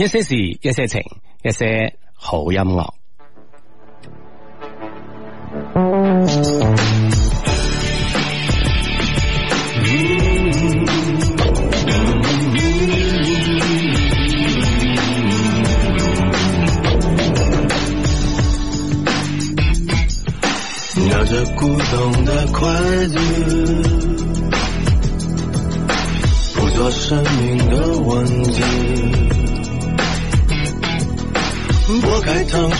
一些事，一些情，一些好音樂。拿着古董的筷子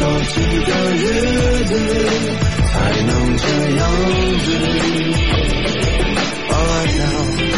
多幾個日子還能這樣子？啊呀！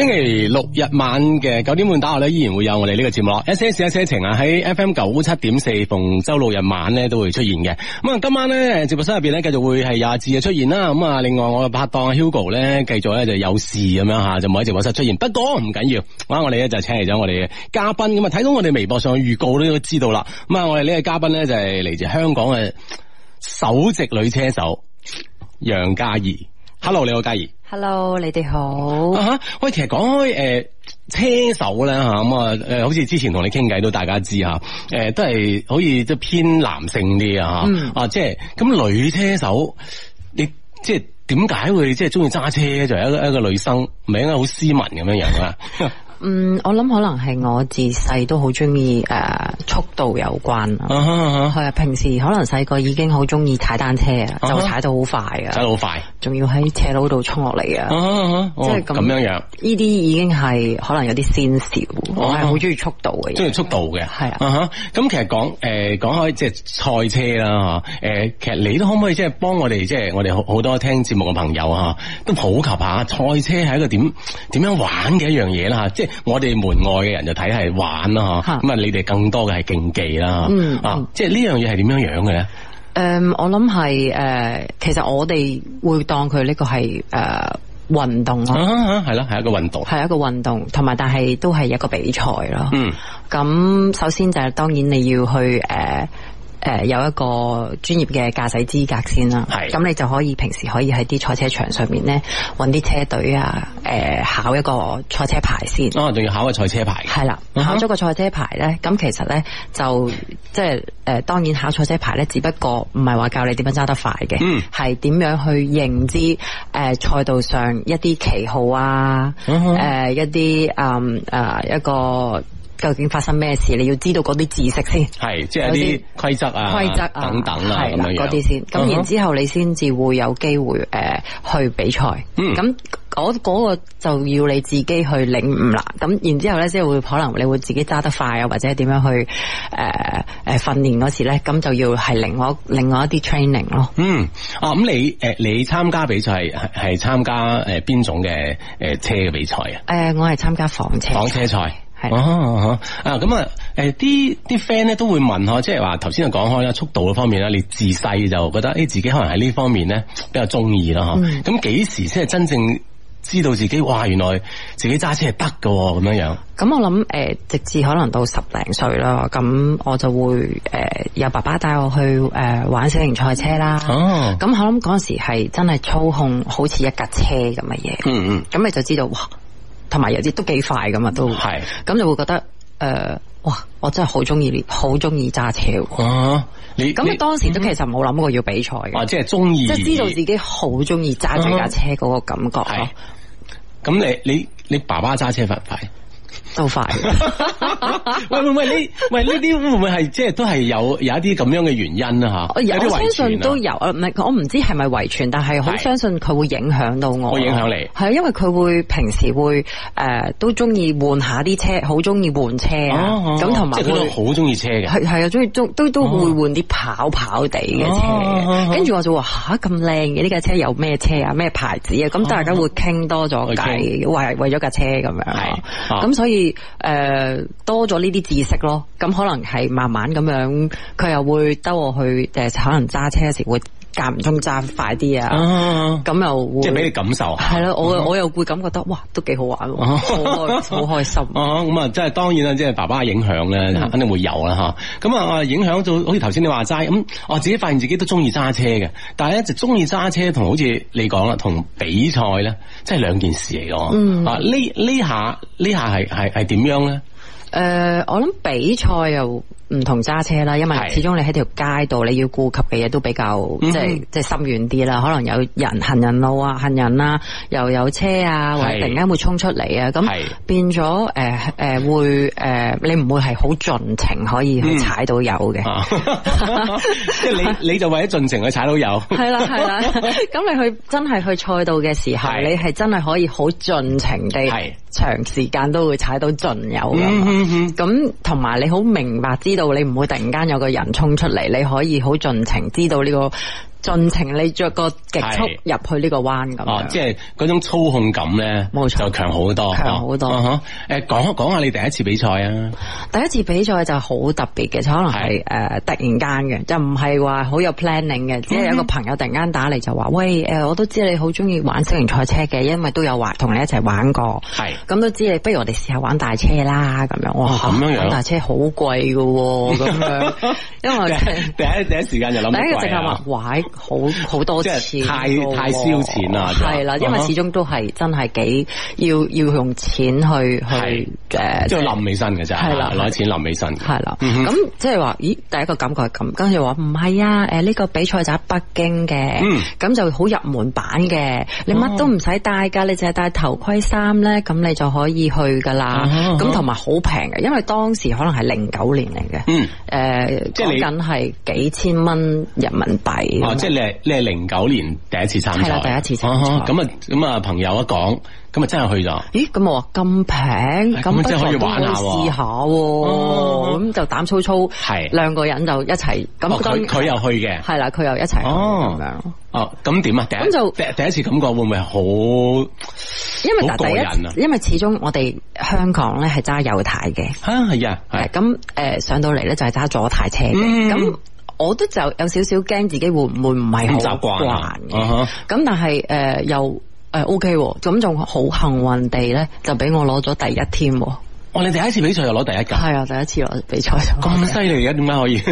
星期六日晚嘅九點半打後咧，依然會有我哋呢個節目咯。SS、S S S 情啊，喺 F M 九七點四逢周六日晚咧都會出現嘅。咁啊，今晚咧直播室入邊咧繼續會係亞智嘅出現啦。咁啊，另外我嘅拍檔 Hugo 咧繼續咧就有事咁樣吓，就冇喺直播室出現。不過唔緊要緊，咁我哋咧就請嚟咗我哋嘅嘉賓。咁啊，睇到我哋微博上嘅預告都都知道啦。咁啊，我哋呢個嘉賓咧就係嚟自香港嘅首席女車手楊嘉怡。Hello，你好嘉怡。hello，你哋好啊吓，喂，其實講開誒車手咧吓，咁啊誒，好似之前同你傾偈都大家都知吓，誒都係好似偏男性啲，嗯、啊吓，啊即係咁女車手，你即係點解會即係中意揸車？就係、是、一個一個女生，唔應該好斯文咁樣樣啊？ 嗯，我諗可能係我自細都好中意誒，速度有關啦。係啊、uh，huh, uh huh. 平時可能細個已經好中意踩單車啊，uh huh. 就踩得好快啊，踩得好快，仲要喺斜路度衝落嚟啊！Uh huh. uh huh. 即係咁樣樣，呢啲已經係可能有啲先兆。Uh huh. 我係好中意速度嘅，中意、uh huh. 速度嘅係啊。咁、uh huh. 其實講誒，講開即係賽車啦誒、呃，其實你都可唔可以即係幫我哋，即、就、係、是、我哋好多聽節目嘅朋友啊，都普及下賽車係一個點點樣，樣玩嘅一樣嘢啦吓，即係。我哋門外嘅人就睇係玩啦吓，咁啊係你哋更多嘅係競技啦，嗯、啊，嗯、即係呢樣嘢係點樣樣嘅咧？誒、嗯，我諗係誒，其實我哋會當佢呢個係誒運動咯，係係、啊啊、一個運動，係一個運動，同埋但係都係一個比賽咯。嗯，咁首先就係、是、當然你要去誒。呃誒、呃，有一個專業嘅駕駛資格先啦，咁是你就可以平時可以喺啲賽車場上面咧，揾啲車隊啊，誒、呃、考一個賽車牌先。當然仲，哦、要考個賽車牌。係啦了，uh huh. 考咗個賽車牌咧，咁其實咧就即係誒，當然考賽車牌咧，只不過唔係話教你點樣揸得快嘅，係點、uh huh. 樣去認知誒賽、呃、道上一啲旗號啊，誒、uh huh. 呃、一啲誒誒一個。究竟發生咩事？你要知道嗰啲知識先，係即係啲規則啊、規則如啊等等啦、啊，咁的樣嗰啲先。咁些、嗯、哼然之後你先至會有機會誒去比賽。嗯，咁嗰、嗰個就要你自己去領悟啦。咁然之後咧，即係會可能你會自己揸得快啊，或者點樣去誒誒訓練嗰時咧，咁就要係另外另外一啲 training 咯。嗯，啊咁你誒你參加比賽係參加誒邊種嘅誒車嘅比賽啊？誒、呃，我係參加房車房車賽。哦、啊，啊，咁啊，誒，啲啲 friend 咧都會問我，即係話頭先就講開啦，速度嗰方面啦，你自細就覺得誒，自己可能喺呢方面咧比較中意啦，吓、嗯，咁幾時先係真正知道自己，哇，原來自己揸車係得嘅咁樣樣。咁我諗，誒、呃，直至可能到十零歲啦，咁我就會，誒、呃，有爸爸帶我去，誒、呃，玩小型賽車啦。咁、嗯、我諗嗰陣時係真係操控好似一架車咁嘅嘢。嗯嗯。咁你就知道哇！同埋有啲都幾快咁啊，都係咁就會覺得誒、呃，哇！我真係好中意，好中意揸車啊！咁你當時都其實冇諗過要比賽嘅，即係中意，即、啊、係、就是、知道自己好中意揸這架車嗰個感覺咯。咁、啊、你你你爸爸揸車快唔快？都快，喂喂喂，呢喂呢啲會唔會係即係都係有有一啲咁樣嘅原因啊吓？我相信都有，啊唔係我唔知係咪遺傳，但係好相信佢會影響到我，影響你，係啊，因為佢會平時會誒都中意換下啲車，好中意換車啊，咁同埋即係佢好中意車嘅，係係又中意都都都會換啲跑跑地嘅車，跟住我就話吓咁靚嘅呢架車有咩車啊咩牌子啊，咁大家會傾多咗偈，為為咗架車咁樣，咁所以。誒、呃，多咗呢啲知識咯，咁可能係慢慢咁樣，佢又會兜我去誒，可能揸車嘅時會。夾唔通揸快啲啊！咁、啊、又會即係俾你感受啊！係咯，我我又會感覺得哇，都幾好玩，好開、啊，好開心啊！咁啊，即係當然啦，即係爸爸嘅影響咧，肯定會有啦吓。咁、嗯、啊，影響到好似頭先你話齋咁，我自己發現自己都中意揸車嘅，但係咧就中意揸車同好似你講啦，同比賽咧，即係兩件事嚟嘅。嗯、啊，下下呢呢下呢下係係係點樣咧？誒、呃，我諗比賽又。唔同揸車啦，因為始終你喺條街度，你要顧及嘅嘢都比較、嗯、哼即係即係深遠啲啦。可能有人行人路啊，行人啦，又有車啊，或者突然間會衝出嚟啊，咁變咗誒誒會誒、呃，你唔會係好盡情可以去踩到油嘅、嗯。即係 你你就為咗盡情去踩到油。係啦係啦，咁你真去真係去賽道嘅時候，的你係真係可以好盡情地，長時間都會踩到盡油噶嘛。咁同埋你好明白知道。到你唔會突然間有個人衝出嚟，你可以好盡情知道呢個。盡情，你着個極速入去呢個彎咁，即係嗰種操控感咧，冇錯，就強好多，強好多。誒，講一講下你第一次比賽啊！第一次比賽就好特別嘅，就可能係誒突然間嘅，就唔係話好有 planning 嘅，即係有個朋友突然間打嚟就話，喂，誒，我都知你好中意玩小型賽車嘅，因為都有話同你一齊玩過，係咁都知你，不如我哋試下玩大車啦，咁樣。咁樣樣。大車好貴嘅，咁因為第一第一時間就諗，第一個即刻話貴。好好多錢，太太燒錢啦。係啦，因為始終都係真係幾要要用錢去去誒，即係冧起身嘅就係啦，攞錢冧起身。係啦，咁即係話，咦？第一個感覺係咁，跟住話唔係啊。誒，呢個比賽就喺北京嘅，咁就好入門版嘅，你乜都唔使戴㗎，你淨係戴頭盔衫咧，咁你就可以去㗎啦。咁同埋好平嘅，因為當時可能係零九年嚟嘅。嗯。誒，講緊係幾千蚊人民幣。即係你係你係零九年第一次參賽？係啦，第一次參賽。咁啊咁啊，朋友一講，咁啊真係去咗。咦？咁我話咁平，咁即係可以玩下試下，咁就膽粗粗，係兩個人就一齊。咁佢又去嘅，係啦，佢又一齊。哦，咁點啊？咁就第一次感覺會唔會好？因為第一，人啊，因為始終我哋香港咧係揸右軚嘅，啊係啊係。咁誒上到嚟咧就係揸左軚車嘅咁。我都就有少少驚自己會唔會唔係好習慣嘅，咁但係誒又誒 OK，咁仲好幸運地咧就俾我攞咗第一添。哇！你第一次比賽就攞第一噶，係啊，第一次攞比賽咁犀利，而家，點解可以？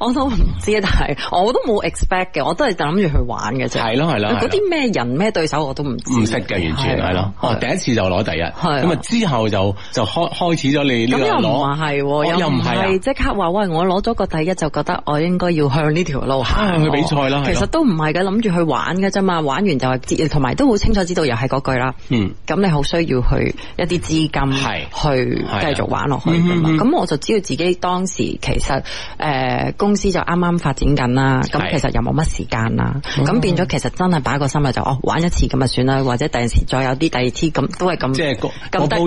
我都唔知啊，但係我都冇 expect 嘅，我都係諗住去玩嘅啫。係咯，係咯，嗰啲咩人咩對手我都唔唔識嘅，完全係咯。第一次就攞第一，咁啊之後就就開開始咗你呢又個攞，又唔係即刻話喂，我攞咗個第一就覺得我應該要向呢條路行去比賽啦。其實都唔係嘅，諗住去玩嘅啫嘛，玩完就係同埋都好清楚知道，又係嗰句啦。嗯，咁你好需要去一啲資金。係去繼續玩落去咁，我就知道自己當時其實誒，公司就啱啱發展緊啦，咁其實又冇乜時間啦，咁變咗其實真係擺個心就哦，玩一次咁就算啦，或者第時再有啲第二次咁都係咁，即係個鋪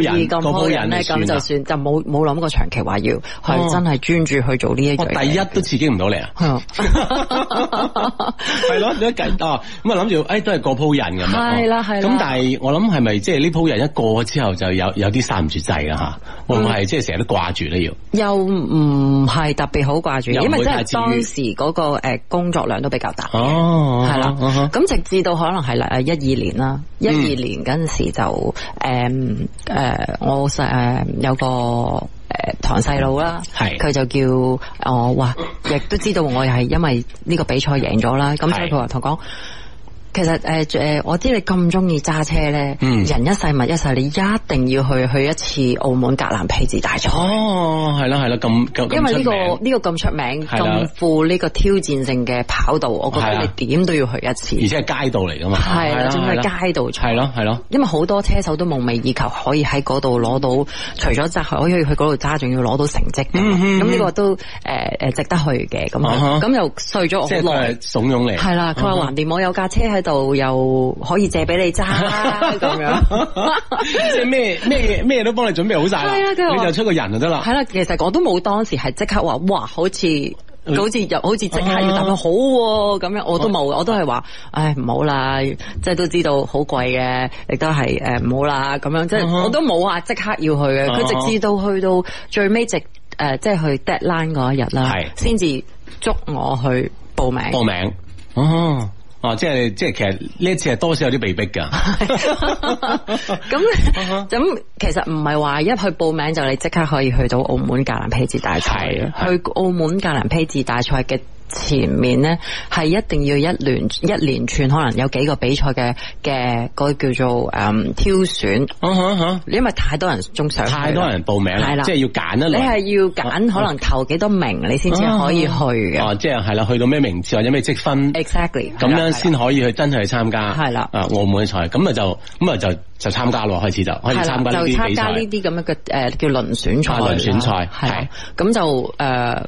人個鋪人呢，咁就算，就冇冇諗過長期話要去，真係專注去做呢一樣，第一都刺激唔到你啊。係咯，你都計哦，咁啊諗住誒都係個鋪人咁，啊係啦係，咁但係我諗係咪即係呢鋪人一過之後就有有啲散？住掣噶吓，會唔會係即係成日都掛住咧？要、嗯、又唔係特別好掛住，因為即係當時嗰個誒工作量都比較大，哦、啊，係、啊、啦。咁直至到可能係啦誒一二年啦，一二年嗰陣時就誒誒、嗯嗯、我細誒有個誒堂細佬啦，佢就叫我話，亦都知道我又係因為呢個比賽贏咗啦，咁、嗯、所以佢話同我講。其實誒誒，我知你咁中意揸車咧，人一世物一世，你一定要去去一次澳門格蘭披治大賽。哦，係啦係啦，咁因為呢個呢個咁出名、咁富呢個挑戰性嘅跑道，我覺得你點都要去一次。而且係街道嚟噶嘛，係啦仲係係街道。係咯係咯，因為好多車手都夢寐以求可以喺嗰度攞到，除咗揸可以去嗰度揸，仲要攞到成績。咁呢個都誒誒值得去嘅，咁咁又睡咗我即係，即係慫恿你。係啦，佢話橫掂，我有架車喺度又可以借俾你揸咁樣，即係咩咩咩都幫你準備好晒，你就出個人就得啦。係啦，其實我都冇當時係即刻話，哇，好似好似又好似即刻要答佢、啊、好咁，啊、樣，我都冇，我都係話，唉，唔好啦，即係都知道貴好貴嘅，亦都係誒唔好啦咁樣，即係我都冇話，即刻要去嘅。佢、啊、直至到去到最尾，直誒即係去 Deadline 嗰一日啦，先至捉我去報名報名哦。啊啊、哦！即係即係，其實呢一次係多少有啲被逼噶 那。咁咁，其實唔係話一去報名就你即刻可以去到澳門格蘭披治大賽。係去澳門格蘭披治大賽嘅。前面咧，係一定要一連一連串，可能有幾個比賽嘅嘅個叫做誒挑選。吓吓吓！因為太多人中選，太多人報名，係啦，即係要揀一。你係要揀可能頭幾多名，你先至可以去嘅。哦，即係係啦，去到咩名次或者咩積分？Exactly。咁樣先可以去真係去參加。係啦。啊，澳門嘅賽，咁啊就咁啊就就參加咯，開始就可以參加呢啲比賽就參加呢啲咁樣嘅誒叫輪選賽。啊，輪選賽係。咁就誒。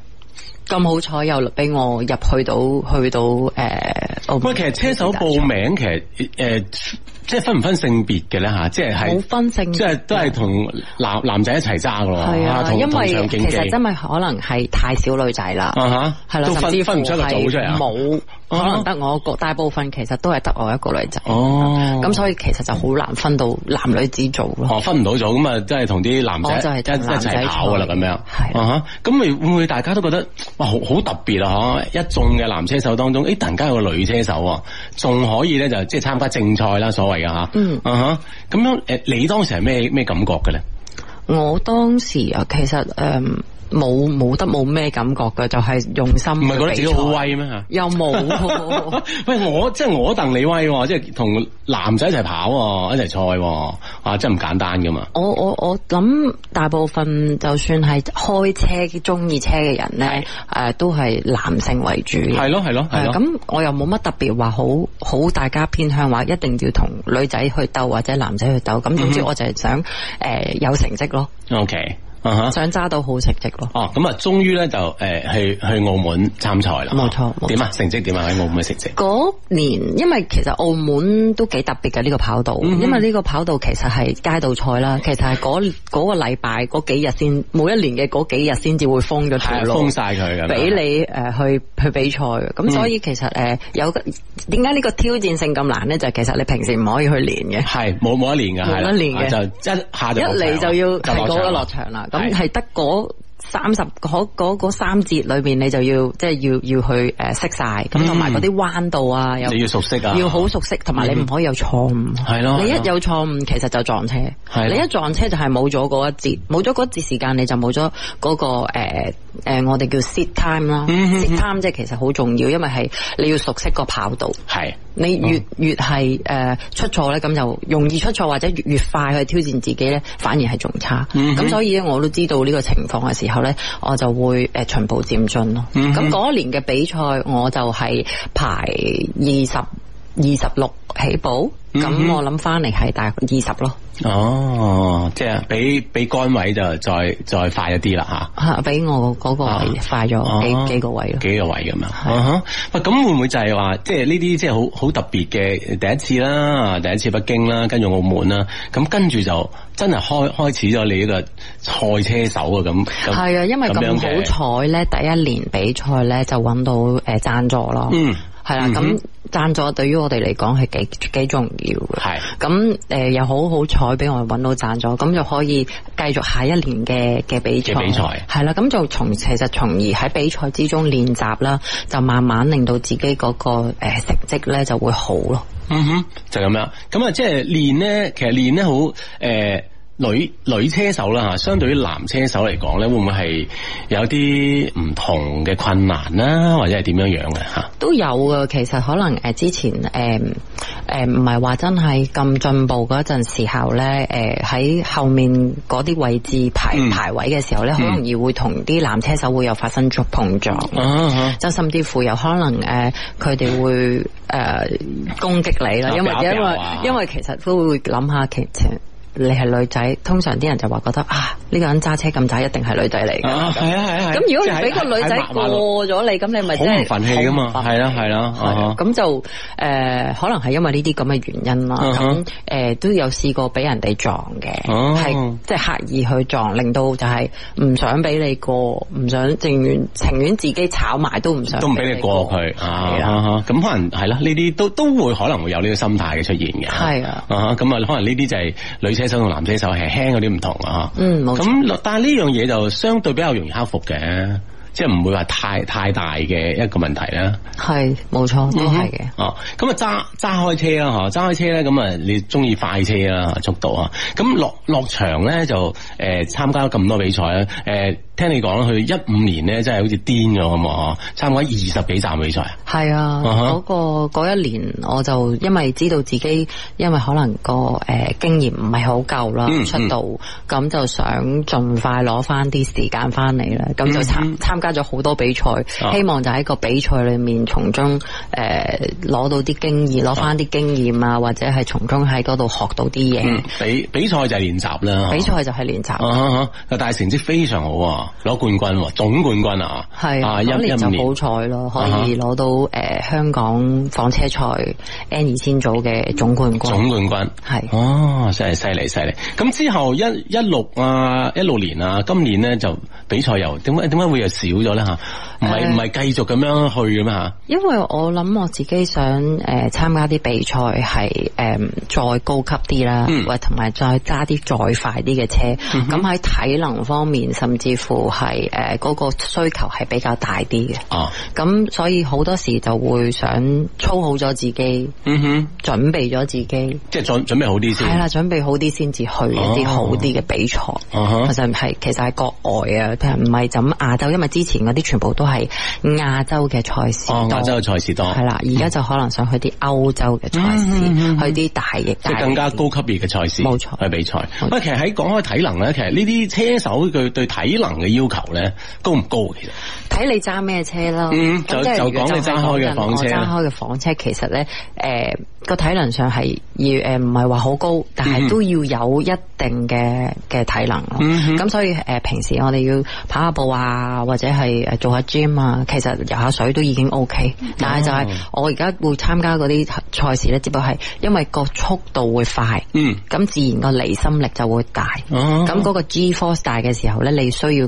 咁好彩又俾我入去到去到誒！不、呃、過，其實車手報名其實誒、呃，即係分唔分性別嘅咧吓，即係冇分性別，即係都係同男男仔一齊揸噶喎。係啊，同因為其實真係可能係太少女仔啦。啊哈，係啦，都分唔出個組出嚟冇？可能得我個、啊、大部分，其實都係得我一個女仔。哦，咁所以其實就好難分到男女子組咯。嗯、哦，分唔到組，咁啊，即係同啲男仔一齊跑噶啦，咁樣。係啊，咁咪會唔會大家都覺得哇，好好特別啊？嗬，一眾嘅男車手當中，誒，突然間有個女車手還、嗯、啊，仲可以咧，就即係參加正賽啦，所謂嘅吓。嗯。啊咁樣誒，你當時係咩咩感覺嘅咧？我當時啊，其實誒。冇冇得冇咩感覺嘅，就係、是、用心。唔係覺得自己好威咩？又冇、啊。 喂、就是就是啊，我即係我鄧你威，即係同男仔一齊跑一齊賽，哇！真係唔簡單噶嘛我我我諗大部分就算係開車中意車嘅人咧，誒是的 都係男性為主。係咯係咯係咯。咁、嗯、我又冇乜特別話好好大家偏向話一定要同女仔去鬥或者男仔去鬥。咁總之我就係想誒、嗯呃、有成績咯。OK。想揸到好成績咯。哦，咁啊，終於呢就去澳門參賽啦。冇錯。點啊？成績點啊？喺澳門嘅成績。嗰年，因為其實澳門都幾特別嘅呢個跑道，因為呢個跑道其實係街道賽啦，其實係嗰個禮拜嗰幾日先每一年嘅嗰幾日先至會封咗佢。係封曬佢嘅。俾你去去比賽嘅，咁所以其實誒有點解呢個挑戰性咁難呢？就係其實你平時唔可以去練嘅。係冇冇一年嘅，冇一年嘅就一嚟就要嗰個落場啦。咁係德國。三十嗰嗰三節裏邊，你就要即係要要去誒識晒咁，同埋嗰啲彎道啊，你要熟悉啊，要好熟悉，同埋你唔可以有錯誤。係咯，你一有錯誤，其實就撞車。係，你一撞車就係冇咗嗰一節，冇咗嗰節時間，你就冇咗嗰個誒誒，我哋叫 sit time 啦。sit time 即係其實好重要，因為係你要熟悉個跑道。係，你越越係誒出錯咧，咁就容易出錯，或者越越快去挑戰自己咧，反而係仲差。咁所以咧，我都知道呢個情況嘅時候。咧，我就會誒，循步漸進咯。咁嗰一年嘅比賽，我就係排二十、二十六起步。咁、嗯、我諗翻嚟係大約二十咯。哦，即係比比杆位就再再快一啲啦吓。吓，比我嗰個位、啊、快咗幾、啊、幾個位咯。幾個位咁啊哈？咁的會唔會就係話，即係呢啲即係好好特別嘅第一次啦，第一次北京啦，跟住澳門啦，咁跟住就真係開開始咗你呢個賽車手啊咁。係啊，因為咁好彩咧，第一年比賽咧就搵到誒讚助咯。嗯係啦，咁贊助對於我哋嚟講係幾幾重要嘅。係咁誒，又好好彩，俾我哋搵到贊助，咁就可以繼續下一年嘅嘅比賽。比賽係啦，咁就從其實從而喺比賽之中練習啦，就慢慢令到自己嗰個誒成績咧就會好咯。嗯哼，就咁樣。咁啊，即係練咧，其實練咧好誒。呃女女車手啦，相對於男車手嚟講咧，會唔會係有啲唔同嘅困難啦，或者係點樣樣嘅吓？都有㗎。其實可能誒，之前誒誒唔係話真係咁進步嗰陣時候咧，誒、呃、喺後面嗰啲位置排、嗯、排位嘅時候咧，好容易會同啲男車手會有發生觸碰撞，就、啊啊、甚至乎有可能誒，佢、呃、哋會誒、呃、攻擊你啦，因為、呃呃、因為因為其實都會諗下騎你係女仔，通常啲人就話覺得啊，呢個人揸車咁仔，一定係女仔嚟嘅。係啊係啊係。咁如果你俾個女仔過咗你，咁你咪真係好唔忿氣㗎嘛？係啦係啦。咁就誒，可能係因為呢啲咁嘅原因啦。咁誒，都有試過俾人哋撞嘅，係即係刻意去撞，令到就係唔想俾你過，唔想寧願情願自己炒埋都唔想，都唔俾你過佢。啊咁可能係啦，呢啲都都會可能會有呢個心態嘅出現嘅。係啊咁啊，可能呢啲就係女車手同男車手係輕嗰啲唔同啊，咁但係呢樣嘢，就相對比較容易克服嘅，即係唔會話太太大嘅一個問題啦。係，冇錯都係嘅。哦，咁啊揸揸開車啦，吓揸開車咧，咁啊你中意快車啦，速度啊，咁落落場咧，就誒參加咁多比賽咧，誒。聽你講啦，佢一五年咧，真係好似癲咗咁啊！差唔多二十幾站比賽啊，係、huh. 啊、嗰個，嗰個嗰一年，我就因為知道自己，因為可能、個誒、呃、經驗唔係好夠啦，嗯、出道咁、嗯、就想盡快攞翻啲時間翻嚟啦，咁、嗯、就參參加咗好多比賽，uh huh. 希望就喺個比賽裏面從中誒攞、呃、到啲經驗，攞翻啲經驗啊，或者係從中喺嗰度學到啲嘢。比比賽就係練習啦，比賽就係練習。但係成績非常好。啊。攞冠軍喎，總冠軍啊！係、啊，嗰、啊、年就好彩咯，啊、可以攞到誒、呃、香港房車賽 N2000 組嘅總冠軍、啊，總冠軍係、啊，哦、啊，真係犀利犀利！咁之後一一六啊，一六年啊，今年呢，就比賽又點解點解會又少咗咧吓？唔係唔係繼續咁樣去嘅咩？因為我諗我自己想誒參、呃、加啲比賽係誒再高級啲啦，或同埋再揸啲再快啲嘅車，咁喺、嗯、哼 體能方面甚至乎。係誒，嗰、呃那個需求係比較大啲嘅。哦、啊，咁所以好多時就會想操好咗自己，嗯哼，準備咗自己，即係準準備好啲先。係啦，準備好啲先至去一啲好啲嘅比賽、啊啊。其實係，其實喺國外啊,其實唔係咁亞，亞洲，因為之前嗰啲全部都係亞洲嘅賽事。哦，亞洲嘅賽事多。係啦、哦，而家就可能想去啲歐洲嘅賽事，嗯、哼去啲大型，即係更加高級別嘅賽事。冇錯錯，去比賽。不過錯其實喺講開體能咧，其實呢啲車手佢對體能。嘅要求咧高唔高？其實睇你揸咩車咯。就就講你揸開嘅房車，揸開嘅房車其實咧，誒個體能上係要誒唔係話好高，但係都要有一定嘅嘅體能。咯、嗯哼，咁所以誒、呃、平時我哋要跑下步啊，或者係誒做下 gym 啊，其實游下水都已經 ok。嗯、哼但係就係我而家會參加啲賽事咧，只不過係因為個速度會快，咁、嗯、自然個離心力就會大。咁嗰、嗯、哼個 g force u 大嘅時候咧，你需要。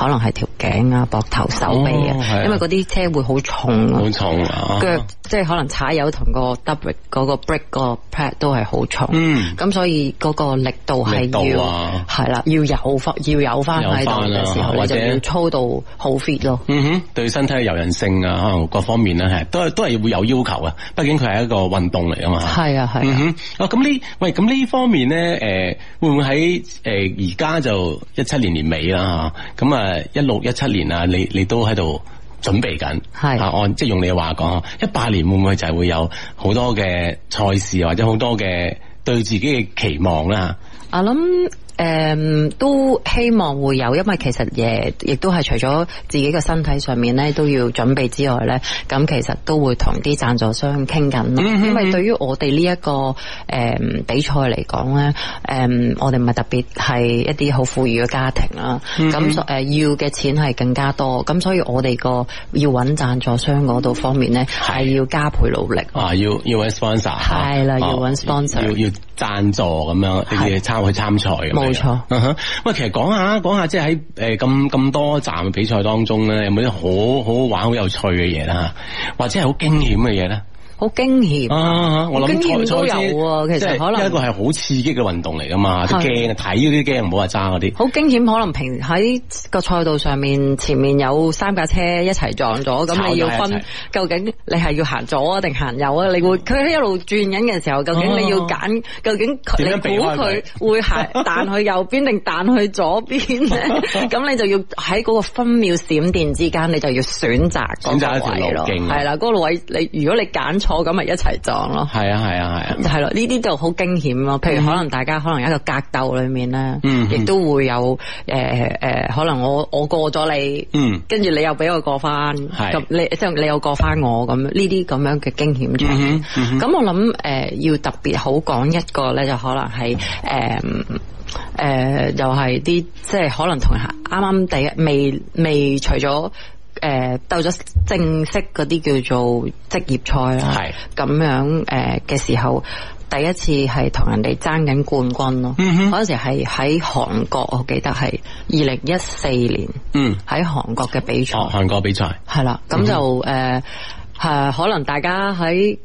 可能係條頸啊、膊頭、手臂、哦、啊，因為嗰啲車會好重，嗯、重啊，腳即係可能踩油同個 W，o b 嗰個 brake 個 pad 都係好重，咁、嗯、所以嗰個力度係要係啦、啊，要有要有翻力度嘅時候，或者就要操到好 fit 咯。嗯哼，對身體嘅柔韌性啊，可能各方面咧係都係都係會有要求啊，畢竟佢係一個運動嚟㗎嘛。係啊，係啊。咁呢、嗯？喂，咁呢方面呢，誒會唔會喺誒而家就一七年年尾啦？咁啊！誒是、啊，一六一七年啊，你你都喺度準備緊，係啊。按即係用你嘅話講，一八年會唔會就係會有好多嘅賽事或者好多嘅對自己嘅期望啦？啊，諗。誒、嗯，都希望會有，因為其實嘢亦都係除咗自己嘅身體上面咧都要準備之外咧，咁其實都會同啲贊助商傾緊咯。嗯嗯，因為對於我哋呢、這個嗯嗯、一個誒比賽嚟講咧，誒我哋唔係特別係一啲好富裕嘅家庭啦，咁誒、嗯、哼要嘅錢係更加多，咁所以我哋個要搵贊助商嗰度方面咧係是要加倍努力啊，要要 sponsor，係啦，要 sponsor，要找、哦、要贊助咁樣要去參去參賽。冇錯，嗯哼，喂，其實講下講下，即係喺誒咁咁多站嘅比賽當中咧，有冇啲好好玩、好有趣嘅嘢啦？或者係好驚險嘅嘢咧？好驚險啊！我諗有賽其實可能一個係好刺激嘅運動嚟㗎嘛，驚啊睇嗰啲驚，唔好話揸嗰啲。好驚險，可能平喺個賽道上面，前面有三架車一齊撞咗，咁你要分究竟你係要行左啊定行右啊？你會佢喺一路轉緊嘅時候，究竟你要揀究竟你估佢會係彈去右邊定彈去左邊咧？咁你就要喺嗰個分秒閃電之間，你就要選擇選擇一條路咯。係啦，嗰個位你如果你揀錯。我咁咪一齊撞咯，係啊係啊係啊，係咯，呢啲就好驚險咯。譬如可能大家可能一個格鬥裡面咧，嗯哼，亦都會有誒誒、呃呃，可能我我過咗你，嗯，跟住你又俾我過翻，係是，你即係你又過翻我咁。呢啲咁樣嘅驚險咁、嗯嗯、我諗誒、呃、要特別好講一個咧，就可能係誒誒又係啲即係可能同啱啱第一未未，未除咗。誒，鬥咗、呃、正式嗰啲叫做職業賽啦，咁是樣誒嘅、呃、時候，第一次係同人哋爭緊冠軍咯。嗰、嗯、哼時係喺韓國，我記得係二零一四年。嗯，喺韓國嘅比賽，哦、韓國比賽係啦。咁就誒、嗯哼呃、可能大家喺。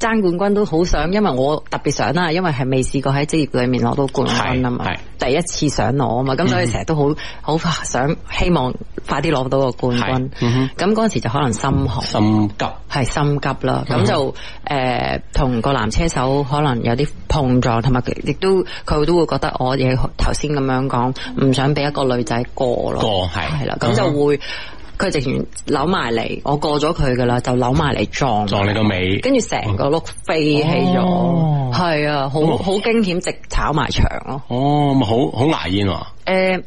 爭冠軍都好想，因為我特別想啦，因為係未試過喺職業裏面攞到冠軍啊嘛，第一次想攞啊嘛，咁、嗯、哼所以成日都好好想希望快啲攞到個冠軍。咁嗰陣時就可能心寒急、心急，係心急啦。咁就誒，同、呃、個男車手可能有啲碰撞，同埋亦都佢都會覺得我哋頭先咁樣講，唔想俾一個女仔過咯。係係啦，咁就會。嗯佢直情扭埋嚟，我過咗佢噶啦，就扭埋嚟撞撞你個尾，跟住成個碌飛起咗，係啊、哦，好好驚險，直炒埋牆咯。哦，咪好好牙煙喎。誒、呃，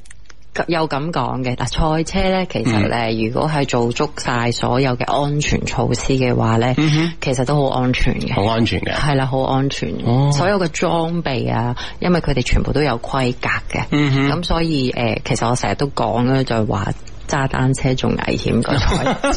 又咁講嘅，但係賽車咧，其實咧，嗯、如果係做足晒所有嘅安全措施嘅話咧，嗯、哼其實都好安全嘅，好安全嘅，係啦，好安全。哦、所有嘅裝備啊，因為佢哋全部都有規格嘅，咁、嗯、哼所以誒、呃，其實我成日都講咧，就係話。揸單車仲危險，佢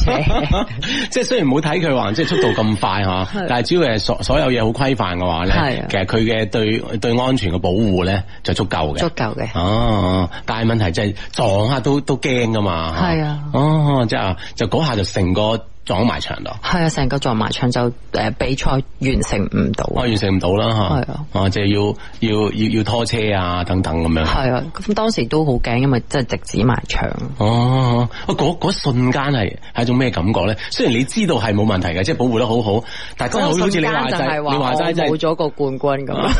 即係雖然唔好睇佢話，即係速度咁快吓，但係只要係所所有嘢好規範嘅話咧，其實佢嘅對對安全嘅保護咧就足夠嘅，足夠嘅。哦，但係問題就係撞下都都驚噶嘛。係是的 啊，哦，即係啊，就嗰下就成個撞埋牆度，係啊，成個撞埋牆就誒比賽完成唔到，啊，完成唔到啦，吓，係啊，即係要要要要拖車啊等等咁樣，係啊，咁當時都好驚，因為真係直指埋牆。哦，嗰瞬間係係一種咩感覺咧？雖然你知道係冇問題嘅，即係保護得好好，但係好好似你話齋，你冇咗個冠軍咁。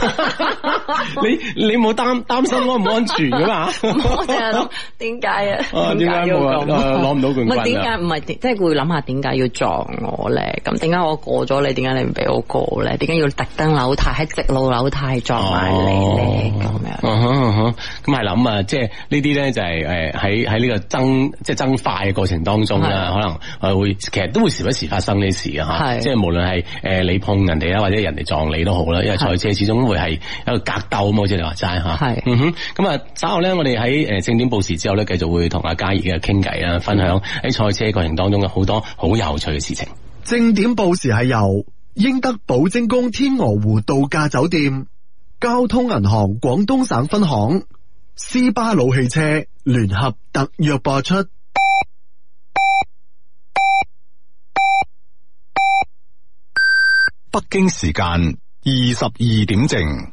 你你冇擔擔心安唔安全㗎嘛唔係咯？點解啊？點解冇攞唔到冠軍啊？唔係點解？唔係即係會諗下點解？要撞我咧，咁點解我過咗你？點解你唔俾我過咧？點解要特登扭呔喺直路扭呔撞埋你咧？咁、哦、咁樣、哦，嗯咁係啦，啊、嗯嗯嗯嗯嗯嗯，即係呢啲咧就係誒喺喺呢個爭即係爭快嘅過程當中啦，是的 可能會其實都會時不時發生呢啲事啊，吓，即係無論係誒你碰人哋啊，或者人哋撞你都好啦，因為賽車始終會係一個格鬥嘛。好似是的 你話齋吓，嗯咁啊，稍後咧，我哋喺誒正點報時之後咧，繼續會同阿嘉怡嘅傾偈啊，分享喺賽車過程當中嘅好多好有趣嘅事情，正點報時係由英德寶晶宮天鵝湖度假酒店、交通銀行廣東省分行、斯巴魯汽車聯合特約播出。北京時間二十二點正。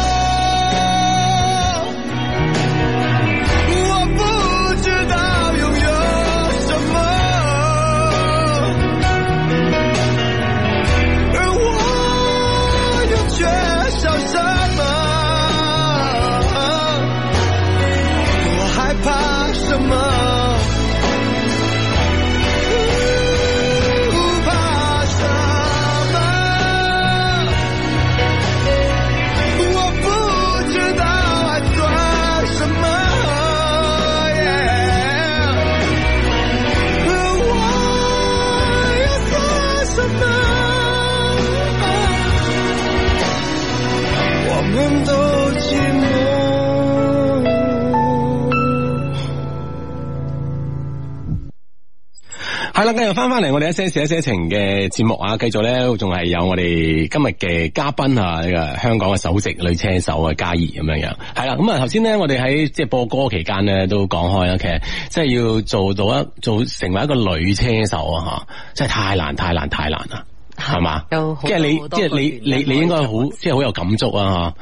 係啦，繼續翻翻嚟我哋一些事一些情嘅節目啊！繼續咧，仲係有我哋今日嘅嘉賓啊，呢個香港嘅首席女車手啊，嘉儀咁樣樣。係啦，咁啊，頭先咧，我哋喺即係播歌期間咧，都講開啦，其實即係要做到一做成為一個女車手啊，吓，真係太難太難太難啦，係嘛、嗯？即係你即係你你你應該好即係好有感觸啊！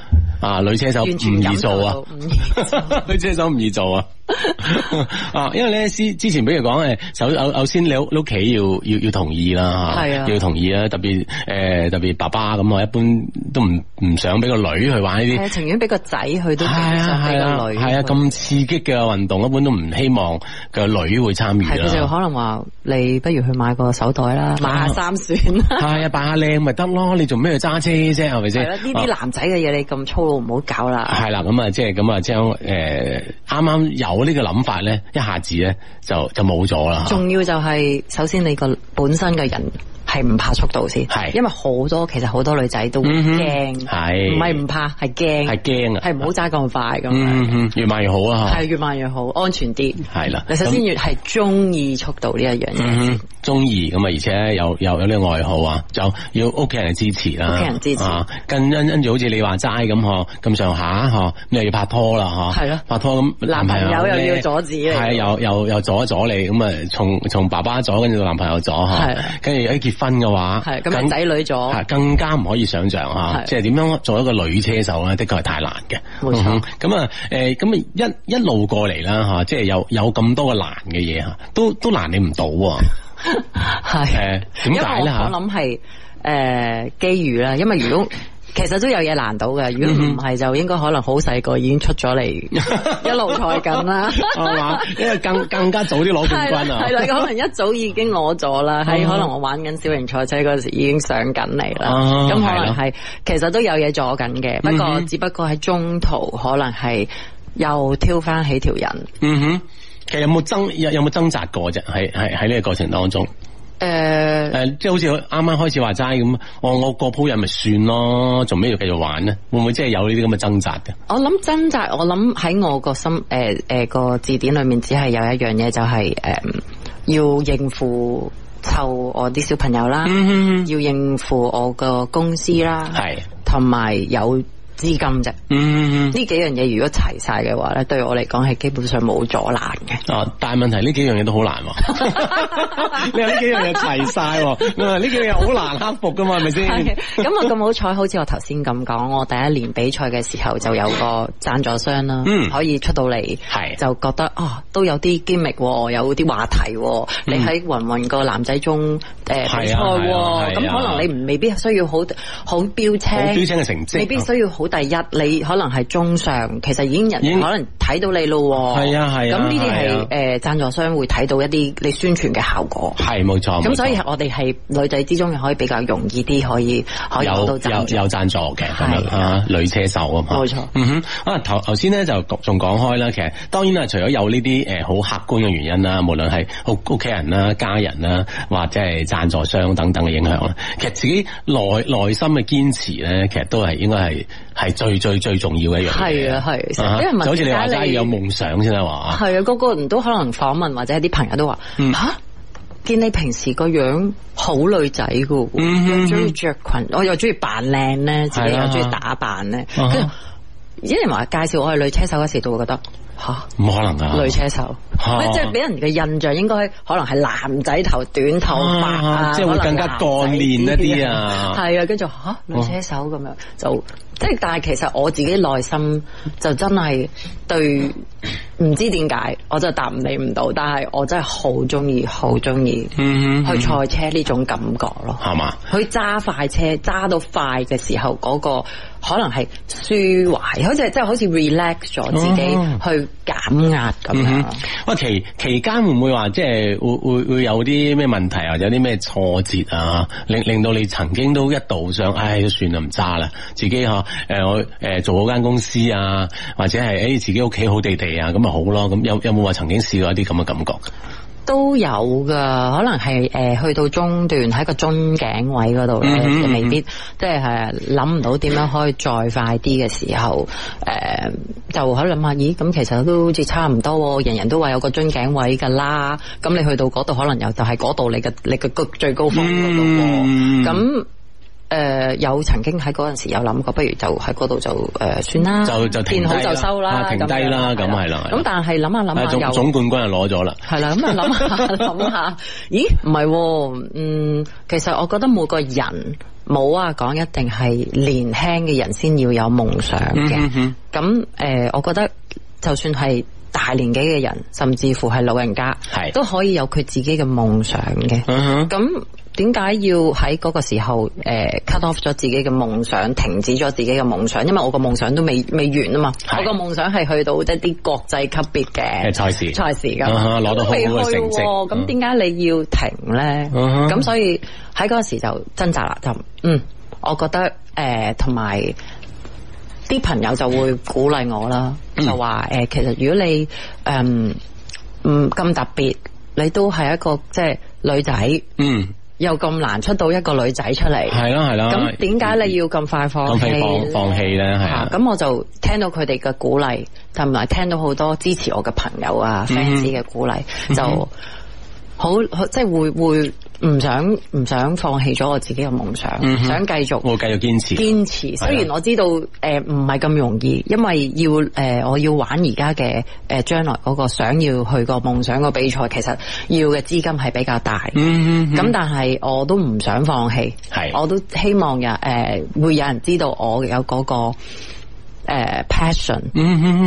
吓啊，女車手唔易做啊， 女車手唔易做啊。啊，因為咧之前，比如講誒，首首先，你屋企要要要同意啦，係啊，要同意啦。特別誒，特別爸爸咁，我一般都唔唔想俾個女去玩呢啲，情願俾個仔去都，俾個女，係啊，咁刺激嘅運動，一般都唔希望個女會參與。佢就可能話，你不如去買個手袋啦，買下衫算，係啊，扮下靚咪得咯。你做咩要揸車啫？係咪先？呢啲男仔嘅嘢，你咁粗魯唔好搞啦。係啦，咁啊，即係咁啊，即誒啱啱有。我呢個諗法咧，一下子咧就就冇咗啦。重要就係，首先你個本身嘅人係唔怕速度先，係是 因為好多其實好多女仔都驚，係唔係唔怕係驚，係驚啊，係唔好揸咁快咁樣、嗯，越慢越好啊，係越慢越好，安全啲，係啦的。你首先越係中意速度呢一樣嘢。嗯中意咁啊，而且又又有啲愛好啊，就要屋企人支持啦。屋企人支持，啊、跟跟跟住好似你話齋咁嗬，咁上下嗬，你又要拍拖啦嗬。係咯的，拍拖咁，男，男朋友又要阻止。係啊，又又又阻一阻你咁啊，從從爸爸阻，跟住到男朋友阻嗬。跟住喺結婚嘅話係咁仔女阻，更加唔可以想象吓，是的即係點樣做一個女車手咧？的確係太難嘅。冇錯。咁啊，誒、嗯，咁啊、欸、一一路過嚟啦吓，即係有有咁多個難嘅嘢吓，都都難你唔到。啊。係， 因為我諗係誒機遇啦，因為如果其實都有嘢難到嘅，如果唔係就應該可能好細個已經出咗嚟，一路坐緊啦，係 因為更更加早啲攞冠軍啊，係啦，可能一早已經攞咗啦，係可能我玩緊小型賽車嗰時已經上緊嚟啦，咁可能係其實都有嘢阻緊嘅，不過只不過喺中途可能係又挑翻起條人，嗯哼。其實有冇爭有沒有冇掙扎過啫？喺喺喺呢個過程當中，誒誒、呃，即係、呃、好似啱啱開始話齋咁，我我個鋪入咪算咯，做咩要繼續玩呢？會唔會即係有呢啲咁嘅掙扎嘅？我諗掙扎，我諗喺我個心誒誒個字典裏面，只係有一樣嘢，就係誒要應付湊我啲小朋友啦，要應付我個、嗯、公司啦，係同埋有，有。資金啫，嗯，呢幾樣嘢，如果齊晒嘅話咧，對我嚟講係基本上冇阻攔嘅。啊，但係問題，呢幾樣嘢都好難，你話呢幾樣嘢齊晒，啊，呢幾樣嘢好難克服噶嘛，係咪先？咁我咁好彩，好似我頭先咁講，我第一年比賽嘅時候就有個贊助商啦，可以出到嚟，係就覺得啊，都有啲機密，有啲話題，你喺芸芸個男仔中誒比賽，咁可能你唔未必需要好好標青，標青嘅成績未必需要好。第一，你可能係中上，其實已經人已經可能睇到你咯。係啊，係啊。咁呢啲係誒贊助商會睇到一啲你宣傳嘅效果。係冇錯。咁所以我哋係女仔之中又可以比較容易啲，可以可以攞到有有，有贊助嘅係、啊、女車手啊嘛。冇錯。嗯哼，啊頭頭先咧就仲講開啦，其實當然啦，除咗有呢啲誒好客觀嘅原因啦，無論係屋屋企人啦、家人啦，或者係贊助商等等嘅影響啦，其實自己內內心嘅堅持咧，其實都係應該係。係最最最重要嘅一樣，係啊係，成日俾人問。好似你話齋有夢想先得話，係啊，個個人都可能訪問或者係啲朋友都話，嗯吓、啊，見你平時個樣好女仔噶，嗯、哼又中意着裙，嗯、哼我又中意扮靚咧，的自己又中意打扮咧，即係一嚟話介紹我係女車手嗰時都會覺得。吓，冇、啊、可能啊。女車手，啊、即係俾人嘅印象應該可能係男仔頭短頭髮、啊、即係會更加幹練一啲啊，係啊，跟住吓女車手咁樣、啊、就，即係但係其實我自己內心就真係對。唔知點解，我就答你唔到。但係我真係好中意，好中意去賽車呢種感覺咯，係嘛、嗯？佢、嗯、揸快車，揸到快嘅時候，嗰、那個可能係舒懷，即好似真係好似 relax 咗自己去減壓，去減壓咁。喂、嗯，期期間會唔會話即係會會會有啲咩問題呀，有啲咩挫折啊？令令到你曾經都一度想，嗯、哼唉，都算啦，唔揸啦。自己嗬，誒、呃，我、呃、誒、呃、做嗰間公司啊，或者係誒、呃、自己屋企好地地。係啊，咁咪好咯，咁有有冇話曾經試過一啲咁嘅感覺？都有噶，可能係誒，去到中段喺個樽頸位嗰度咧，未必即係諗唔到點樣可以再快啲嘅時候，誒，就喺度諗下，咦，咁其實都好似差唔多，人人都話有個樽頸位噶啦，咁你去到嗰度可能又就係嗰度你嘅你嘅個最高峰嗰度喎，咁。誒，有曾經喺嗰陣時有諗過，不如就喺嗰度就，誒，算啦，見好就收啦，停低啦，咁係啦。咁但係諗下諗下又總冠軍就攞咗啦。係啦，咁你諗下諗下，咦，唔係，嗯，其實我覺得每個人冇話講一定係年輕嘅人先要有夢想嘅。咁誒，我覺得就算係大年紀嘅人，甚至乎係老人家，係都可以有佢自己嘅夢想嘅。咁。點解要喺嗰個時候誒 cut off 咗自己嘅夢想，停止咗自己嘅夢想？因為我個夢想都未未完啊嘛，的我個夢想係去到一啲國際級別嘅賽事，賽事噶，攞到好好嘅成績。咁點解你要停咧？咁、uh huh、所以喺嗰時候就掙扎啦。就嗯，我覺得誒，同埋啲朋友就會鼓勵我啦，uh huh. 就話誒、呃，其實如果你誒唔咁特別，你都係一個即係、就是、女仔，嗯、uh。Huh. 又咁難出到一個女仔出嚟，係囉，係囉。咁點解你要咁快放棄呢？放，放放棄咧，係啊。咁我就聽到佢哋嘅鼓勵，同埋聽到好多支持我嘅朋友啊、fans 嘅鼓勵、嗯哼，就好好即係會會。會唔想唔想放棄咗我自己嘅夢想，嗯、哼想繼續我繼續堅持堅持。持對吧 雖然我知道誒唔係咁容易，因為要誒、呃、我要玩而家嘅誒將來嗰個想要去個夢想個比賽，其實要嘅資金係比較大。咁、嗯、但係我都唔想放棄，是的 我都希望有誒、呃、會有人知道我有嗰、嗰個。誒，passion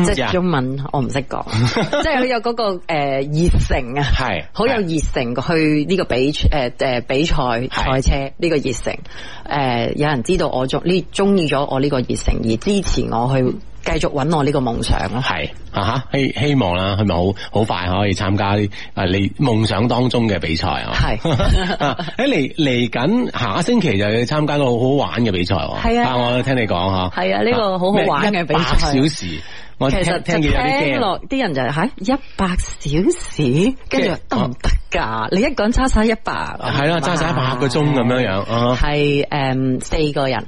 即係中文，我唔識講，即係佢有嗰個誒熱誠啊，係好有熱誠去呢個比誒誒、uh, 比賽賽車呢個熱誠。誒、uh,，有人知道我中呢中意咗我呢個熱誠，而支持我去。繼續揾我呢個夢想咯，係啊哈希希望啦，係咪好好快可以參加啲誒，你夢想當中嘅比賽是 啊。係，誒嚟嚟緊下星期就要參加個好好玩嘅比賽，係啊，啊，我聽你講嗬，係啊，呢、這個好好玩嘅比賽，啊這個、比賽小時。其實就聽落啲人就吓一百小時，跟住得唔得噶？你一個人揸晒一百，係啦，揸晒一百個鐘咁樣樣。係誒，四個人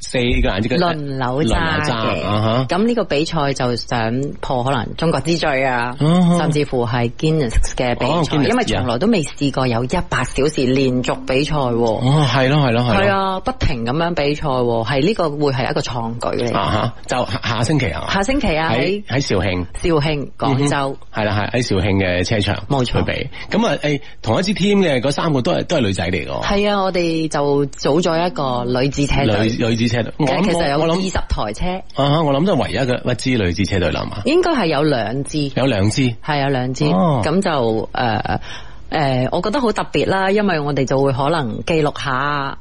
四個人輪流揸，咁呢個比賽就想破可能中國之最啊，甚至乎係 Guinness 嘅比賽，因為從來都未試過有一百小時連續比賽。係咯，係咯，係啊，不停咁樣比賽，係呢個會係一個創舉嚟。就下星期啊，下星期。喺喺肇慶，肇慶廣州係啦，係喺肇慶嘅車場冇錯。咁啊錯，誒、欸，同一支 team 嘅嗰三個都係都係女仔嚟噶。係啊，我哋就組咗一個女子車隊，女女子車隊。其實有二十台車我諗都係唯一嘅一支女子車隊啦嘛。是應該係有兩支，有兩支係有兩支。咁、哦、就誒誒、呃，我覺得好特別啦，因為我哋就會可能記錄下呢、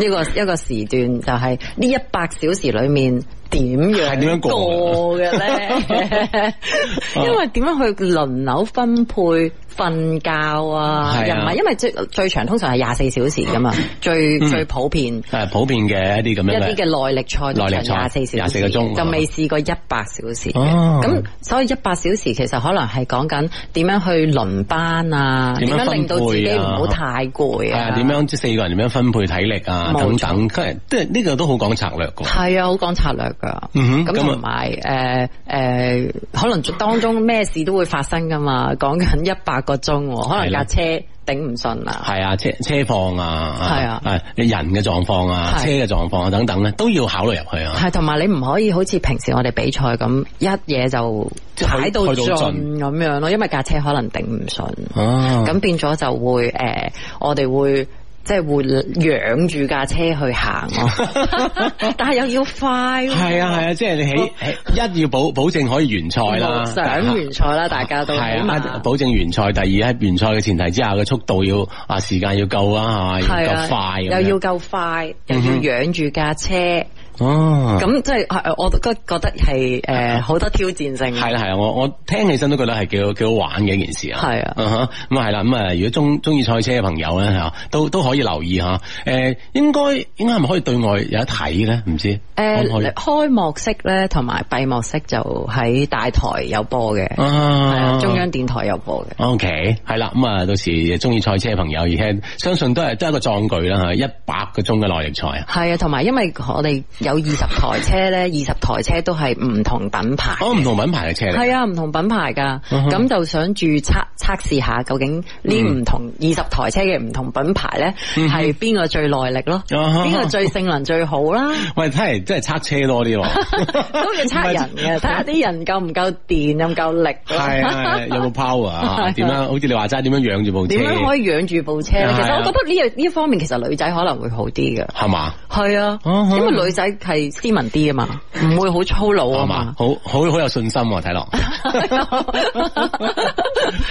這個 一個時段，就係呢一百小時裏面。點樣？係點樣過嘅咧？因為點樣去輪流分配瞓覺啊？又唔係，因為最最長通常係廿四小時噶嘛，最最普遍係普遍嘅一啲咁樣嘅一啲嘅耐力賽，廿四小時廿四個鐘就未試過一百小時。咁所以一百小時其實可能係講緊點樣去輪班啊？點樣令到自己唔好太攰啊？點樣即四個人點樣分配體力啊？等等，即係呢個都好講策略嘅。係啊，好講策略。噶，咁同埋誒誒，可能當中咩事都會發生噶嘛，講緊一百個鐘，可能架車頂唔順啦，係啊，車車況啊，係啊的，係人嘅狀況啊，車嘅狀況啊等等咧，都要考慮入去啊。係，同埋你唔可以好似平時我哋比賽咁一嘢就踩到盡咁樣咯，因為架車可能頂唔順，咁、啊、變咗就會誒、呃，我哋會。即係會養住架車去行。 但係又要快。係啊係啊，即係、啊就是、你起 一要保保證可以完賽啦，想完賽啦，但大家都係、啊、保證完賽。第二喺完賽嘅前提之下，個速度要啊時間要夠啦，係嘛，要夠快，啊、又要夠快，嗯、哼又要養住架車。哦，咁即係，我都覺得係誒好多挑戰性嘅。係啦，係啊，我我聽起身都覺得係幾幾好玩嘅一件事啊。係啊，咁係啦，咁、嗯、啊、嗯、如果中中意賽車嘅朋友咧吓，都都可以留意吓。誒、呃，應該應該係咪可以對外有一睇咧？唔知誒，呃、可可開幕式咧同埋閉幕式就喺大台有播嘅、啊啊，中央電台有播嘅、嗯。O K，係啦，咁、嗯、啊、嗯嗯、到時中意賽車朋友而聽，相信都係都係一個壯舉啦吓，一百個鐘嘅耐力賽啊。係啊，同埋因為我哋。有二十台車咧，二十台車都係唔同品牌。哦，唔同品牌嘅車嚟。係啊，唔同品牌噶。咁就想住測測試下，究竟呢唔同二十台車嘅唔同品牌咧，係邊個最耐力咯？邊個最性能最好啦？喂，睇嚟真係測車多啲喎。都要測人嘅，睇下啲人夠唔夠電，又唔夠力。係係，有冇 power 啊？點樣？好似你話齋，點樣養住部車？點樣可以養住部車？其實我覺得呢樣呢一方面，其實女仔可能會好啲嘅。係嘛？係啊，因為女仔。係斯文啲啊嘛，唔會好粗魯啊嘛，好好好有信心睇、啊、落，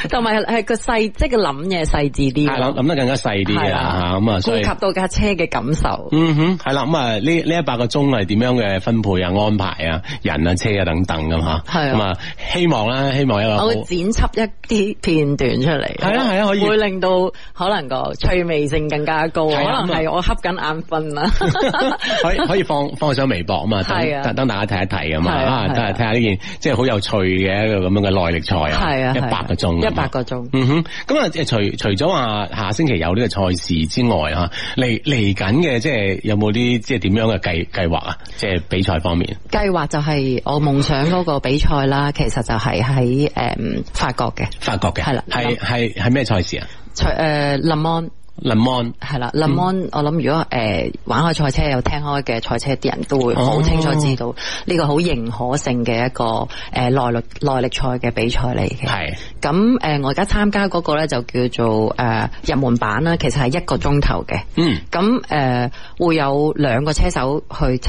同埋係個細，即係諗諗嘢細致啲，係啦諗得更加細啲啊，咁啊顧及到架車嘅感受，嗯哼，係啦咁啊呢呢、嗯、一百個鐘係點樣嘅分配啊安排啊人啊車啊等等咁吓，係咁啊、嗯、希望啦，希望一個我會剪輯一啲片段出嚟，係啊係啊可以，會令到可能個趣味性更加高，啊、可能係我瞌緊眼瞓啦、啊， 可以可以放。我上微博啊嘛，特登大家睇一睇嘛啊，睇下睇下呢件即係好有趣嘅一個咁樣嘅耐力賽啊，一百個鐘，一百個鐘，嗯哼。咁啊，除除咗話下星期有呢個賽事之外啊，嚟嚟緊嘅即係有冇啲即係點樣嘅計計劃啊？即係比賽方面。計劃就係我夢想嗰個比賽啦，其實就係喺誒法國嘅。法國嘅係啦，係係係咩賽事啊？誒林安。林安係啦，林安，我諗如果誒、呃、玩開賽車有聽開嘅賽車啲人都會好清楚知道呢個好認可性嘅一個誒、呃、耐力耐力賽嘅比賽嚟嘅。係咁誒，我而家參加嗰個咧就叫做誒、呃、入門版啦，其實係一個鐘頭嘅。嗯，咁、呃、誒會有兩個車手去誒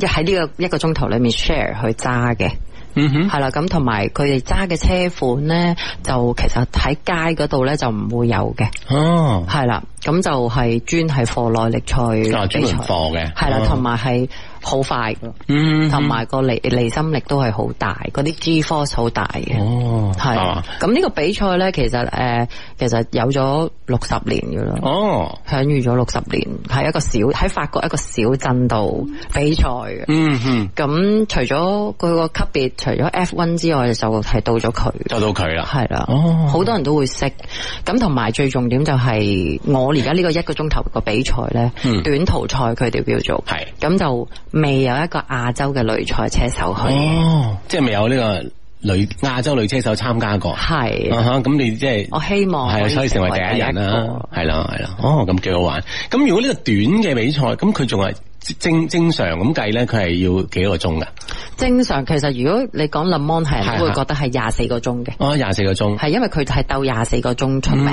喺呢個一個鐘頭裏面 share 去揸嘅。嗯哼，係啦，咁同埋佢哋揸嘅車款咧，就其實喺街嗰度咧就唔會有嘅。哦，係啦，咁就係專係貨內力賽，專門貨嘅，係啦，同埋係。好快，嗯哼，同埋個離離心力都係好大，嗰啲 g force 好大嘅，哦，係是，咁呢嗎個比賽咧，其實、呃、其實有咗六十年㗎啦，哦，享譽咗六十年，係一個小喺法國一個小鎮度比賽嘅，嗯咁哼除咗佢個級別，除咗 F1 之外，就係、是、到咗佢，就到到佢啦，係啦的，哦，好多人都會識，咁同埋最重點就係、是、我而家呢個一個鐘頭個比賽咧，嗯、短途賽佢哋叫做，係是，咁就。未有一個亞洲嘅女賽車手去，哦，即係未有呢個女亞洲女車手參加過係的啊嚇，咁你即係我希望，係可以成為第一人啦，係啦，係啦，哦，咁幾好玩，咁如果呢個短嘅比賽，咁佢仲係。正正常咁計咧，佢係要幾個鐘噶？正常其實如果你講 Le Mans 係，你會覺得係廿四個鐘嘅。哦，廿四個鐘，係因為佢係鬥廿四個鐘出名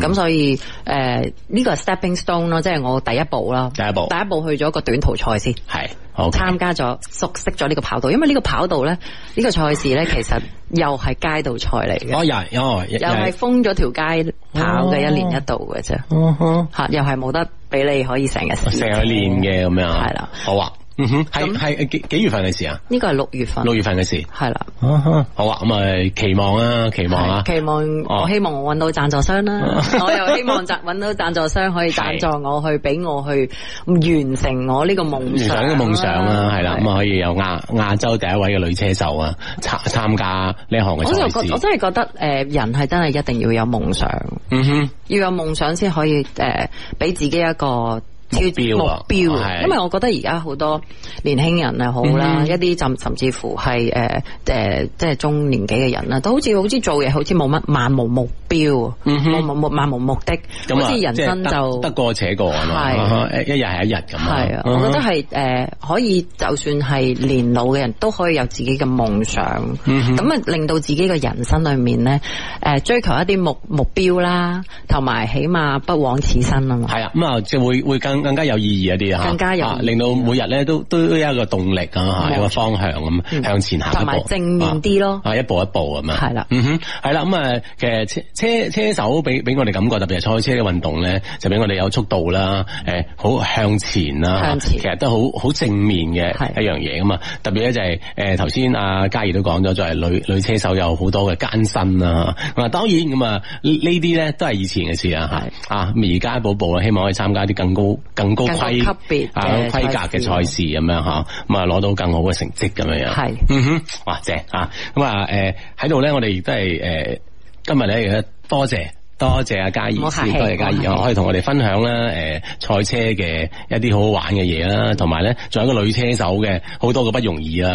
嘅，咁、嗯、所以誒呢、呃呢個係 stepping stone 咯，即係我第一步啦。第一步，第一步去咗個短途賽先。係。參 Okay. 加咗，熟悉咗呢個跑道，因為呢個跑道咧，呢、呢個賽事咧，其實又係街道賽嚟嘅。哦，oh, yeah, yeah, yeah, yeah. 又係，封咗條街跑嘅，一年一度嘅啫。吓、oh, uh huh. 又係冇得俾你可以成日成日練嘅咁樣。係啦了，好啊。嗯哼，係係幾幾月份嘅事啊？呢個係六月份，六月份嘅事係啦。好啊，咁啊，期望啊，期望啊，期望。我希望我揾到讚助商啦，我又希望揾到讚助商可以讚助我，去俾我去完成我呢個夢想嘅夢想啊，係啦，咁可以有亞亞洲第一位嘅女車手啊，參參加呢一項嘅賽事。我真係覺得，誒，人係真係一定要有夢想。嗯哼，要有夢想先可以誒，俾自己一個。超目標，因為我覺得而家好多年輕人又好啦，嗯、哼一啲甚甚至乎係誒誒，即係中年紀嘅人啦，都好似好似做嘢，好似冇乜漫無目標，冇冇冇漫無目的，嗯、哼好似人生就得、得過且過啊嘛，一日係一日咁。係啊，嗯、哼我覺得係誒、呃、可以，就算係年老嘅人都可以有自己嘅夢想，咁啊、嗯、哼令到自己嘅人生裏面咧，誒、呃、追求一啲目目標啦，同埋起碼不枉此生啊嘛。係啊，咁啊即係會會更。更加有意義一啲啊！更加有令到每日咧都都有一個動力咁吓，有個方向咁向前行一步，正面啲咯，一步一步啊嘛。係啦的，嗯哼，係啦。咁誒，其實車車車手俾俾我哋感覺，特別係賽車嘅運動咧，就俾我哋有速度啦，誒，好向前啦，向前。向前其實都好好正面嘅一樣嘢噶嘛。的特別咧就係誒，頭先阿嘉怡都講咗，就係女女車手有好多嘅艱辛啊。嗱，當然咁啊，呢啲咧都係以前嘅事啊。係啊的，而家一步步啊，希望可以參加啲更高。更高規更高級別啊高規格嘅賽事咁樣吓，咁啊攞到更好嘅成績咁樣樣。係是，嗯哼，哇，正啊，咁啊誒，喺度咧，我哋亦都係誒，今日咧亦都多謝。多謝阿嘉怡，唔好客氣，阿嘉怡可以同我哋分享咧，誒賽車嘅一啲好好玩嘅嘢啦，同埋咧，作為一個女車手嘅，好多嘅不容易啊！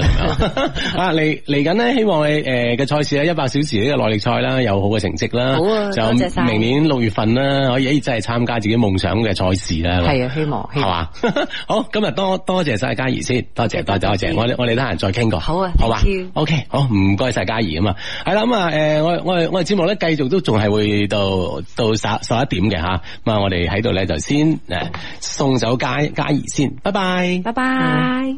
啊，嚟嚟緊咧，希望你誒嘅賽事咧一百小時呢個耐力賽啦，有好嘅成績啦，就明年六月份啦，可以真係參加自己夢想嘅賽事啦，係啊，希望係嘛？好，今日多多謝晒嘉怡先，多謝，多謝，多謝，我我哋得閒再傾過，好啊，好嘛？OK，好，唔該晒嘉怡啊嘛，係啦，咁啊，誒，我我我哋節目咧繼續都仲係會到到十十一點嘅，吓，咁啊，我哋喺度咧就先誒送走嘉嘉怡先，拜拜，拜拜。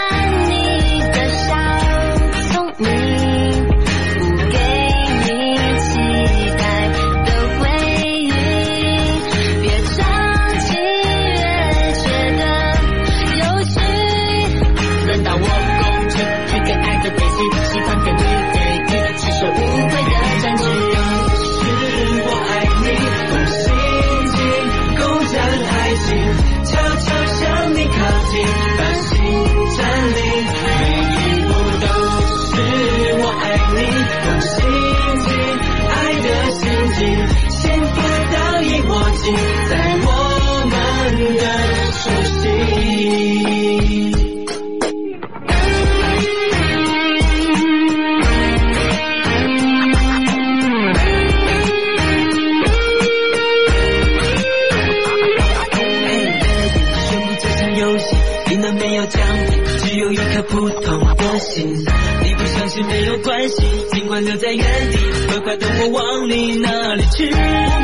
沒關係，儘管留在原地，乖乖等我往你那裏去。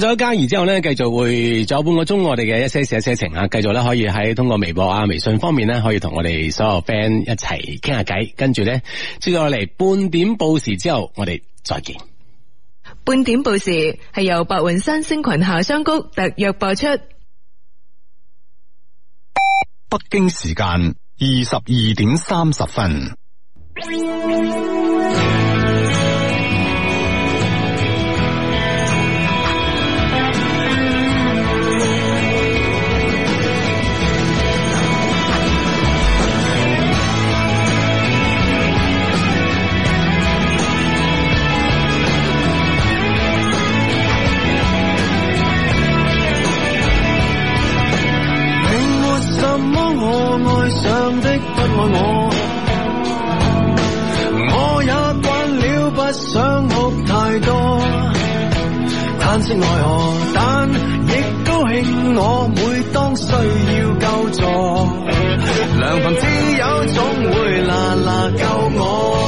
咗加二之後咧，繼續會仲有半個鐘，我哋嘅一些事一些情啊，繼續咧可以喺通過微博啊、微信方面咧，可以同我哋所有 friend 一齊傾下偈。跟住咧，接落嚟半點報時之後，我哋再見。半點報時係由白雲山星群夏桑菊特約播出。北京時間二十二點三十分。我愛上的不愛我，我也慣了，不想哭太多。嘆息奈何，但亦高興我，我每當需要救助，良朋摯友總會嗱嗱救我。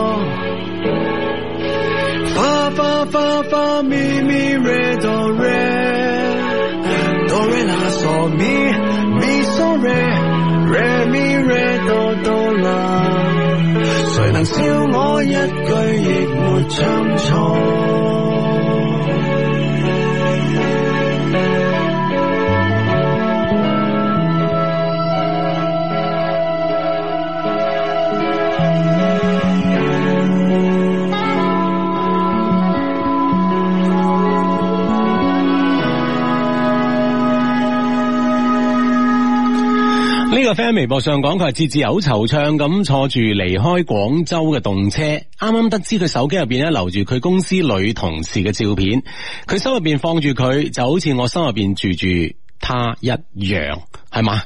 發發咪咪瑞哆瑞，哆瑞拉嗦咪咪嗦瑞，瑞咪瑞哆哆啦，誰能笑我一句，亦沒唱錯。呢個 friend 喺微博上講，佢係字字有惆悵咁坐住離開廣州嘅動車，啱啱得知佢手機入邊咧留住佢公司女同事嘅照片，佢心入邊放住佢，就好似我心入邊住住。他一樣係嘛？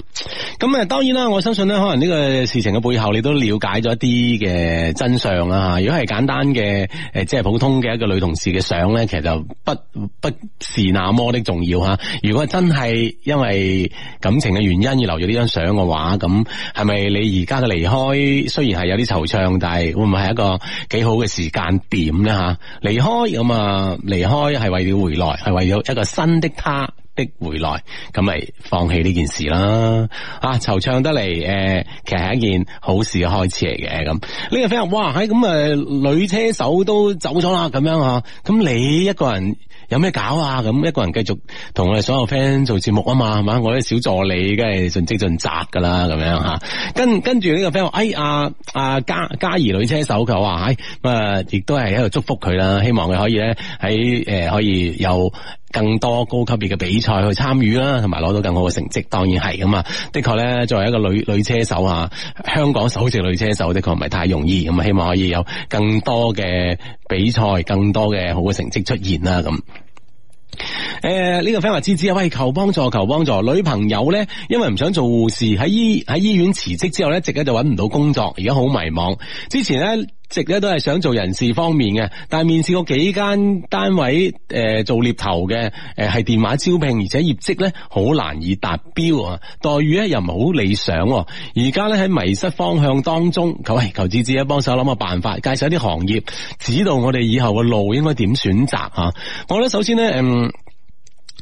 咁誒，當然啦，我相信咧，可能呢個事情嘅背後，你都了解咗一啲嘅真相啦吓。如果係簡單嘅誒，即係普通嘅一個女同事嘅相咧，其實就不不是那麼的重要吓。如果真係因為感情嘅原因而留住呢張相嘅話，咁係咪你而家嘅離開雖然係有啲惆悵，但係會唔會係一個幾好嘅時間點咧吓？離開咁啊，離開係為了回來，係為咗一個新的他。的回來，咁咪放棄呢件事啦。啊，惆悵得嚟，誒、呃，其實係一件好事嘅開始嚟嘅。咁、這、呢個 friend，哇，喺、哎、咁女車手都走咗啦，咁樣啊，咁你一個人有咩搞啊？咁一個人繼續同我哋所有 friend 做節目啊嘛，係嘛？我啲小助理梗係盡職盡責噶啦，咁樣吓、啊。跟跟住呢個 friend 話，哎，呀、啊啊，加嘉嘉怡女車手佢話，咁、哎、啊，亦都係喺度祝福佢啦，希望佢可以咧喺誒可以有。更多高級別嘅比賽去參與啦，同埋攞到更好嘅成績，當然係咁啊！的確呢，作為一個女女車手啊，香港首席女車手的確唔係太容易，咁啊，希望可以有更多嘅比賽，更多嘅好嘅成績出現啦！咁、呃，誒，呢個 friend 話：芝芝啊，喂，求幫助，求幫助！女朋友呢？因為唔想做護士，喺醫喺醫院辭職之後呢，一直咧就揾唔到工作，而家好迷茫。之前呢。直咧都係想做人事方面嘅，但係面試過幾間單位，誒、呃、做獵頭嘅，誒、呃、係電話招聘，而且業績咧好難以達標啊，待遇咧又唔係好理想。而家咧喺迷失方向當中，求喂，求子自己幫手諗個辦法，介紹一啲行業，指導我哋以後嘅路應該點選擇啊？我覺得首先咧，嗯。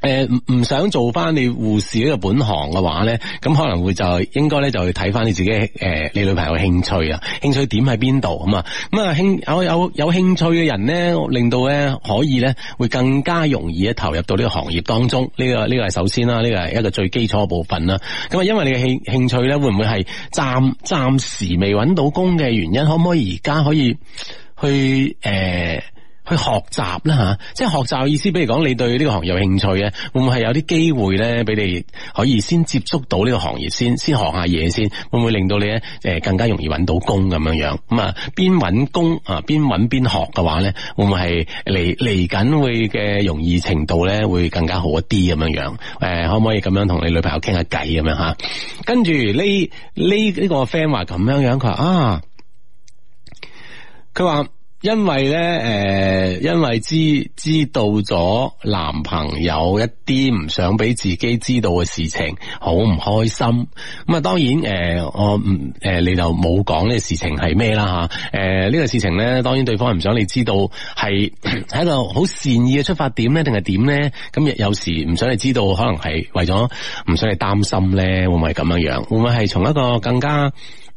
誒，唔唔、呃、想做翻你護士呢個本行嘅話咧，咁可能會就應該咧就去睇翻你自己誒、呃，你女朋友興趣啊，興趣點喺邊度咁啊？咁啊，興有有有興趣嘅人咧，令到咧可以咧會更加容易啊投入到呢個行業當中，呢、這個呢、這個係首先啦，呢、這個係一個最基礎嘅部分啦。咁啊，因為你嘅興興趣咧，會唔會係暫暫時未揾到工嘅原因？可唔可以而家可以去誒？呃去學習啦吓，即係學習嘅意思。比如講，你對呢個行業有興趣咧，會唔會係有啲機會咧，俾你可以先接觸到呢個行業先，先學下嘢先，會唔會令到你咧誒更加容易搵到工咁樣樣？咁啊邊搵工啊邊搵邊學嘅話咧，會唔會係嚟嚟緊會嘅容易程度咧會更加好一啲咁樣樣？誒，可唔可以咁樣同你女朋友傾下偈咁樣吓？跟住呢呢呢個 friend 話咁樣樣，佢話啊，佢話。因為咧，誒，因為知知道咗男朋友一啲唔想俾自己知道嘅事情，好唔開心。咁啊，當然，誒，我唔，誒，你就冇講呢個事情係咩啦吓。誒，呢個事情咧，當然對方唔想你知道，係喺個好善意嘅出發點咧，定係點咧？咁亦有時唔想你知道，可能係為咗唔想你擔心咧，會唔會係咁樣樣？會唔會係從一個更加？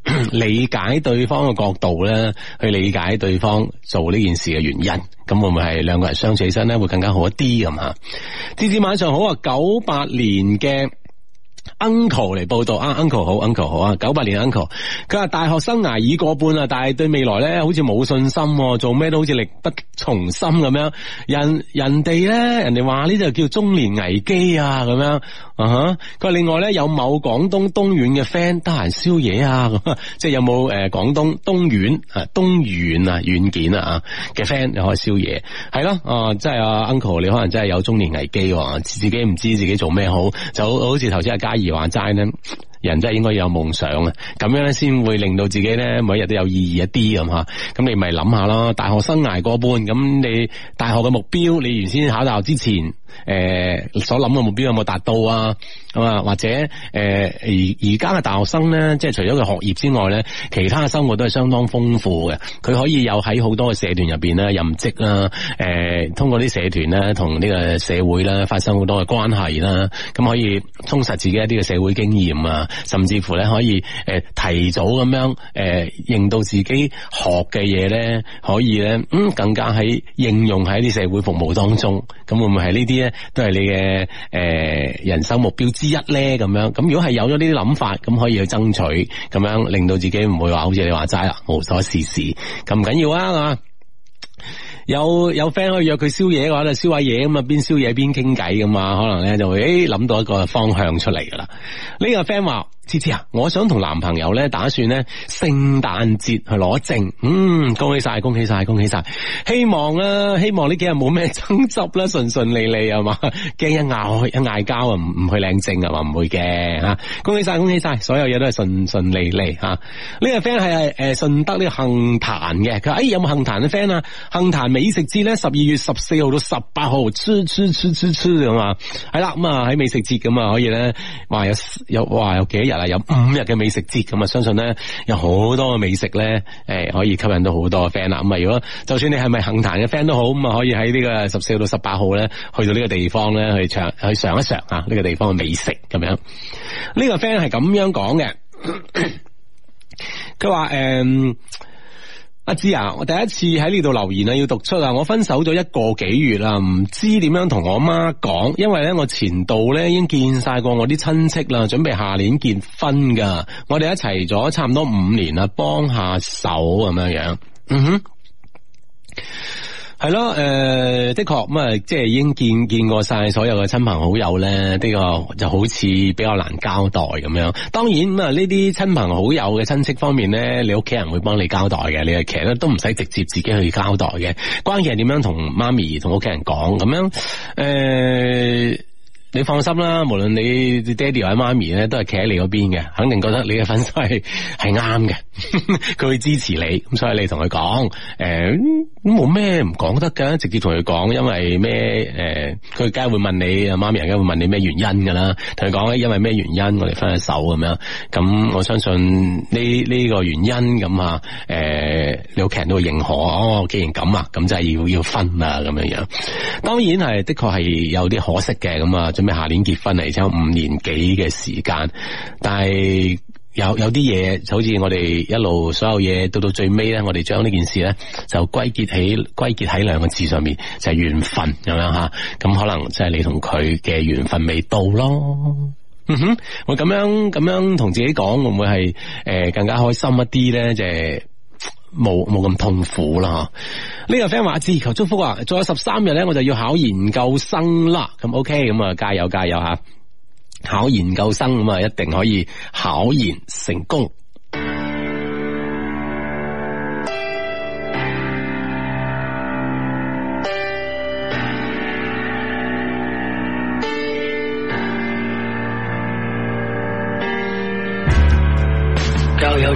理解對方嘅角度咧，去理解對方做呢件事嘅原因，咁會唔會係兩個人相處起身咧會更加好一啲咁吓，至至晚上好啊！九八年嘅。Uncle 嚟報道啊，Uncle 好，Uncle 好啊，九八年 Uncle，佢話大學生涯已過半啊，但係對未來咧好似冇信心，做咩都好似力不從心咁樣。人人哋咧，人哋話呢說這就叫中年危機啊，咁樣啊。佢話另外咧有某廣東東軟嘅 friend 得閒宵夜啊，咁即係有冇誒廣東東軟啊東軟啊軟件啊嘅 friend 又開宵夜，係咯，啊即係 Uncle 你可能真係有中年危機，自己唔知自己做咩好，就好似頭先阿而話齋呢，人真係應該有夢想啊！咁樣咧，先會令到自己咧每日都有意義一啲咁吓。咁你咪諗下咯，大學生涯過半，咁你大學嘅目標，你原先考大學之前。誒，所諗嘅目標有冇達到啊？咁啊，或者誒，而而家嘅大學生咧，即係除咗佢學業之外咧，其他嘅生活都係相當豐富嘅。佢可以有喺好多嘅社團入邊咧任職啦，誒，通過啲社團咧，同呢個社會咧發生好多嘅關係啦，咁可以充實自己一啲嘅社會經驗啊，甚至乎咧可以誒提早咁樣誒，令到自己學嘅嘢咧，可以咧，嗯，更加喺應用喺啲社會服務當中，咁會唔會係呢啲咧？都係你嘅誒、呃、人生目標之一咧，咁樣咁如果係有咗呢啲諗法，咁可以去爭取，咁樣令到自己唔會話好似你話齋啦，無所事事咁唔緊要啊，啊有有 friend 可以約佢宵夜嘅話，就燒下嘢咁啊，邊宵夜邊傾偈噶嘛，可能咧就會誒諗到一個方向出嚟噶啦。呢、這個 friend 話。芝芝啊，我想同男朋友咧，打算咧，聖誕節去攞證。嗯，恭喜晒，恭喜晒，恭喜晒！希望啦、啊，希望呢幾日冇咩爭執啦，順順利利啊嘛，驚一咬一嗌交啊，唔唔去領證啊嘛，唔會嘅吓，恭喜晒，恭喜晒，所有嘢都係順順利利吓。呢個 friend 係誒順德呢個杏壇嘅，佢誒有冇杏壇嘅 friend 啊？杏壇美食節咧，十二月十四號到十八號，黐黐黐黐黐咁啊，係啦咁啊喺美食節咁啊可以咧，話有有哇有幾日。有五日嘅美食節咁啊，相信咧有好多嘅美食咧，誒，可以吸引到好多嘅 friend 啦。咁啊，如果就算你係咪杏壇嘅 friend 都好，咁啊，可以喺呢個十四號到十八號咧，去到呢個地方咧去嘗去嘗一嘗啊，呢個地方嘅美食咁、這個、樣。呢個 friend 係咁樣講嘅，佢話誒。阿芝啊，我第一次喺呢度留言啊，要讀出啊，我分手咗一個幾月啦，唔知點樣同我媽講，因為咧我前度咧已經見晒過我啲親戚啦，準備下年結婚噶，我哋一齊咗差唔多五年啦，幫下手咁樣樣，嗯哼。係咯，誒、嗯，的確咁啊，即係已經見見過晒所有嘅親朋好友咧，呢個就好似比較難交代咁樣。當然咁啊，呢啲親朋好友嘅親戚方面咧，你屋企人會幫你交代嘅，你其實都唔使直接自己去交代嘅。關鍵係點樣同媽咪同屋企人講咁樣，誒、嗯。嗯你放心啦，無論你爹哋或者媽咪咧，都係企喺你嗰邊嘅，肯定覺得你嘅粉絲係係啱嘅，佢會支持你。咁所以你同佢講，誒、欸，冇咩唔講得㗎，直接同佢講，因為咩？誒、欸，佢梗係會問你啊，媽咪，人家梗係會問你咩原因噶啦。同佢講咧，因為咩原因我哋分咗手咁樣。咁我相信呢呢、呢個原因咁啊，誒、欸，你屋企人都會認可。哦，既然咁啊，咁就係要要分啦咁樣樣。當然係，的確係有啲可惜嘅咁啊。下年結婚嚟，而且有五年幾嘅時間，但係有有啲嘢，就好似我哋一路所有嘢到到最尾咧，我哋將呢件事咧就歸結起歸結喺兩個字上面，就係緣分咁樣吓，咁可能即係你同佢嘅緣分未到咯。嗯哼，我咁樣咁樣同自己講，會唔會係誒更加開心一啲咧？即係。冇冇咁痛苦啦，呢個 friend 話，阿志求祝福啊，仲有十三日咧，我就要考研究生啦。咁 OK，咁啊加油加油吓，考研究生咁啊一定可以考研成功。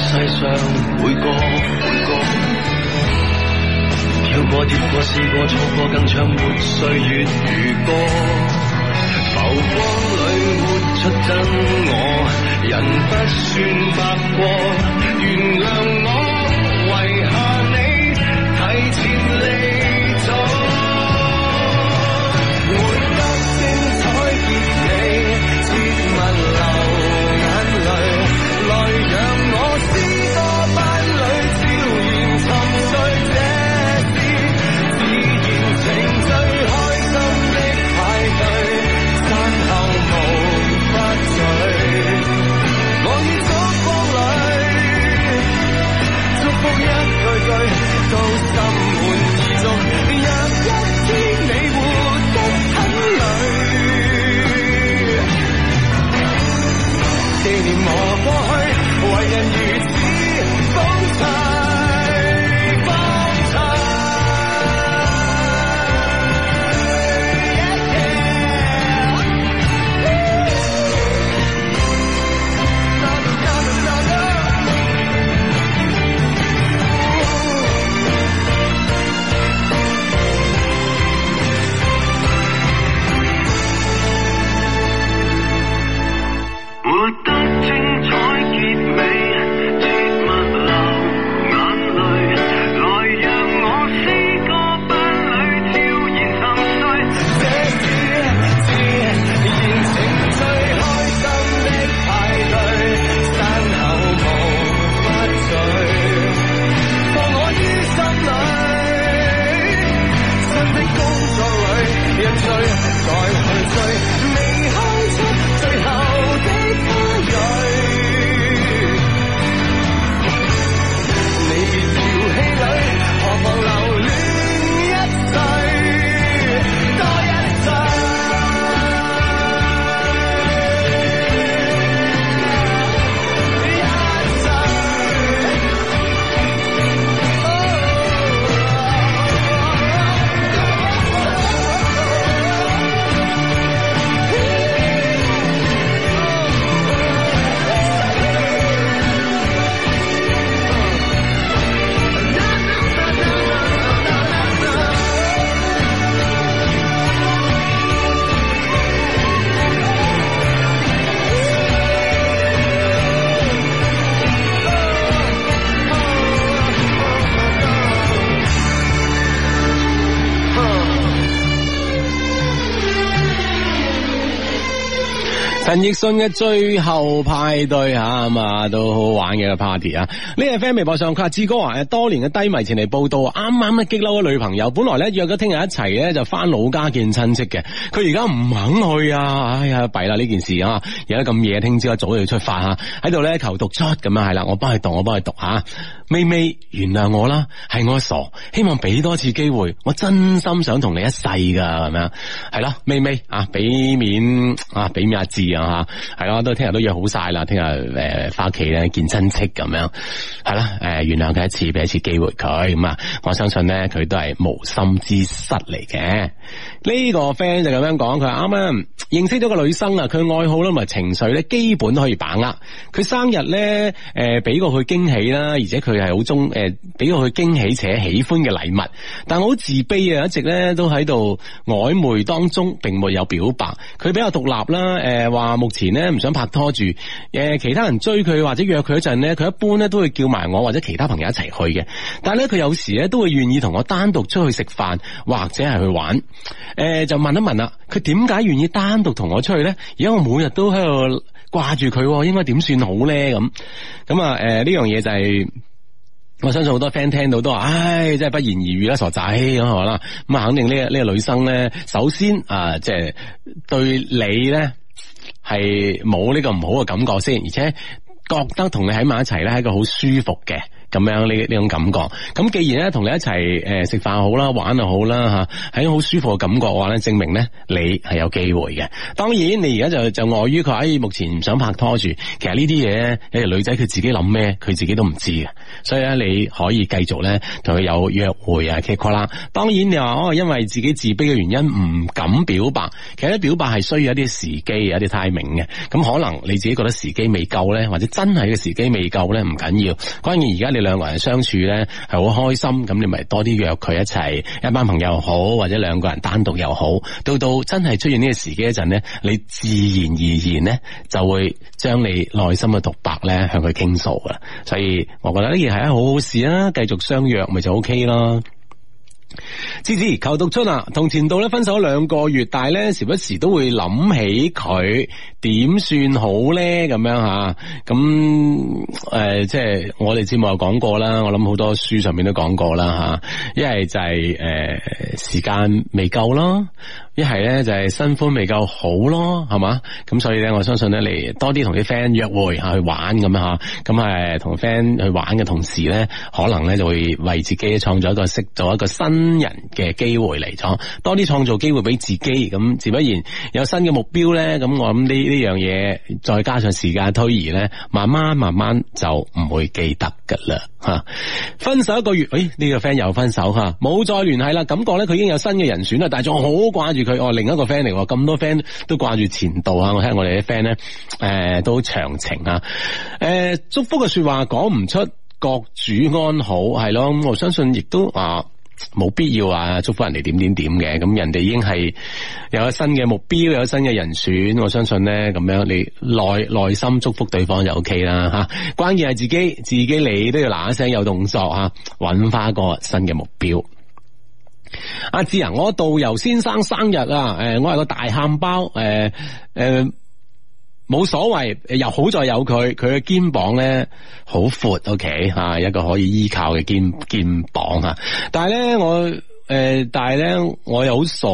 世上每個每個，跳過跌過試過錯過，更唱沒歲月如歌。浮光裏活出真我，人不算白過，原諒我。陳奕迅嘅最後派對吓啊，都好玩嘅 party 啊！呢個 friend 微博上佢話志哥啊，多年嘅低迷前嚟報道，啱啱咧激嬲咗女朋友，本來咧約咗聽日一齊咧就翻老家見親戚嘅，佢而家唔肯去啊！哎呀，弊啦呢件事啊，而家咁夜聽朝一早要出發吓，喺度咧求讀出咁啊係啦，我幫佢讀，我幫佢讀吓。啊妹妹原諒我啦，係我傻，希望俾多次機會，我真心想同你一世噶。咁樣，係啦，妹妹啊，俾面啊俾面阿志啊吓，係咯，都聽日都約好晒啦，聽日誒翻屋企咧見親戚咁樣，係啦，誒原諒佢一次，俾一次機會佢咁啊，我相信咧佢都係無心之失嚟嘅。呢個 friend 就咁樣講，佢啱啱，認識咗個女生啊，佢愛好啦，埋情緒咧基本都可以把握，佢生日咧誒俾過佢驚喜啦，而且佢。就係好中誒，俾到佢驚喜且喜歡嘅禮物，但我好自卑啊，一直咧都喺度曖昧當中，並沒有表白。佢比較獨立啦，誒話目前咧唔想拍拖住。誒，其他人追佢或者約佢一陣咧，佢一般咧都會叫埋我或者其他朋友一齊去嘅。但係咧，佢有時咧都會願意同我單獨出去食飯或者係去玩。誒、呃，就問一問啦，佢點解願意單獨同我出去咧？而家我每日都喺度掛住佢，應該點算好咧？咁咁啊？誒、呃，呢樣嘢就係、是。我相信好多 friend 聽到都話，唉，真係不言而喻啦，傻仔咁係啦。咁啊，肯定呢個呢個女生咧，首先啊，即係對你咧係冇呢個唔好嘅感覺先，而且覺得同你喺埋一齊咧係一個好舒服嘅。咁樣呢？呢種感覺，咁既然咧同你一齊，誒食飯好啦，玩又好啦，吓喺好舒服嘅感覺嘅話咧，證明咧你係有機會嘅。當然你而家就就礙於佢喺、哎、目前唔想拍拖住，其實呢啲嘢，誒女仔佢自己諗咩，佢自己都唔知嘅。所以咧你可以繼續咧同佢有約會啊 circle 啦。當然你話、哦、因為自己自卑嘅原因唔敢表白，其實表白係需要一啲時機，一啲 timing 嘅。咁可能你自己覺得時機未夠咧，或者真係嘅時機未夠咧，唔緊要。關鍵而家你。你兩個人相處咧，係好開心，咁你咪多啲約佢一齊，一班朋友好，或者兩個人單獨又好。到到真係出現呢個時機一陣咧，你自然而然咧就會將你內心嘅獨白咧向佢傾訴噶。所以我覺得呢件係一件好好事啦，繼續相約咪就 OK 囉。芝芝求讀出啊，同前度咧分手兩個月，但係咧時不時都會諗起佢，點算好咧？咁樣吓，咁、呃、誒，即係我哋節目有講過啦，我諗好多書上面都講過啦吓，一係就係、是、誒、呃，時間未夠啦。一係咧就係新歡未夠好咯，係嘛？咁所以咧，我相信咧，嚟多啲同啲 friend 約會吓，去玩咁吓，咁係同 friend 去玩嘅同時咧，可能咧就會為自己創造一個識做一個新人嘅機會嚟咗，多啲創造機會俾自己，咁自不然有新嘅目標咧，咁我諗呢呢樣嘢，再加上時間推移咧，慢慢慢慢就唔會記得。啦吓，分手一個月，誒、哎、呢、這個 friend 又分手吓，冇再聯繫啦，感覺咧佢已經有新嘅人選啦，但係仲好掛住佢，哦，另一個 friend 嚟，咁多 friend 都掛住前度啊，我聽我哋啲 friend 咧，誒、呃、都長情啊，誒、呃、祝福嘅說話講唔出，各主安好係咯，我相信亦都啊。冇必要啊祝福人哋點點點嘅，咁人哋已經係有咗新嘅目標，有新嘅人選，我相信咧咁樣你耐，你耐心祝福對方就 O K 啦吓，關鍵係自己自己你都要嗱一聲有動作吓，搵翻個新嘅目標。阿、啊、志啊，我導遊先生生日啊，誒，我係個大喊包，誒、呃、誒。呃冇所謂，又好在有佢，佢嘅肩膀咧好闊，OK 吓，一個可以依靠嘅肩肩膀吓。但係咧我誒，但係咧我、呃、我又好傻，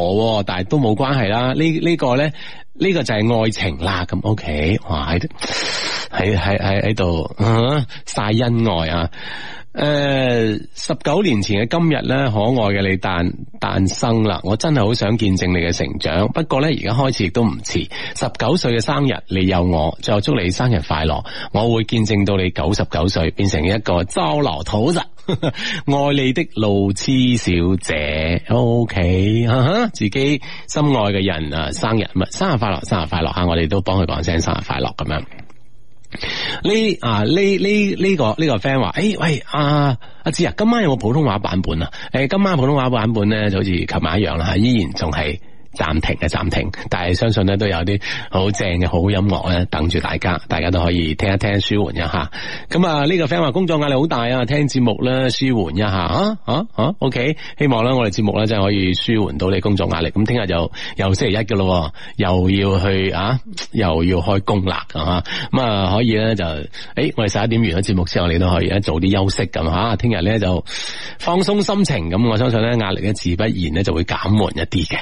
但係都冇關係啦。這個、呢呢個咧呢個就係愛情啦，咁、啊、OK，哇喺度喺喺喺喺度晒恩愛啊！誒，uh, 十九年前嘅今日呢，可愛嘅你誕誕生啦！我真係好想見證你嘅成長，不過呢，而家開始亦都唔遲。十九歲嘅生日，你有我，最後祝你生日快樂！我會見證到你九十九歲變成一個糟老土啦， 愛你的路癡小姐。Okay，啊，自己心愛嘅人啊，生日生日快樂，生日快樂吓！我哋都幫佢講聲生日快樂咁樣。我們呢啊呢呢呢個呢個 friend 話，誒，喂，阿阿志啊，今晚有冇普通話版本啊？誒，今晚普通話版本咧就好似琴晚一樣啦吓，依然仲係。暫停啊暫停，但係相信咧都有啲好正嘅好音樂咧等住大家，大家都可以聽一聽舒緩一下。咁啊呢個 friend 話工作壓力好大啊，聽節目啦，舒緩一下啊啊,啊 OK 希望咧我哋節目咧真係可以舒緩到你工作壓力。咁聽日就又星期一嘅咯，又要去啊，又要開工啦啊。咁啊可以咧就誒、哎，我哋十一點完咗節目之後，我哋都可以早啲休息咁啊。聽日咧就放鬆心情，咁我相信咧壓力咧自不然咧就會減緩一啲嘅。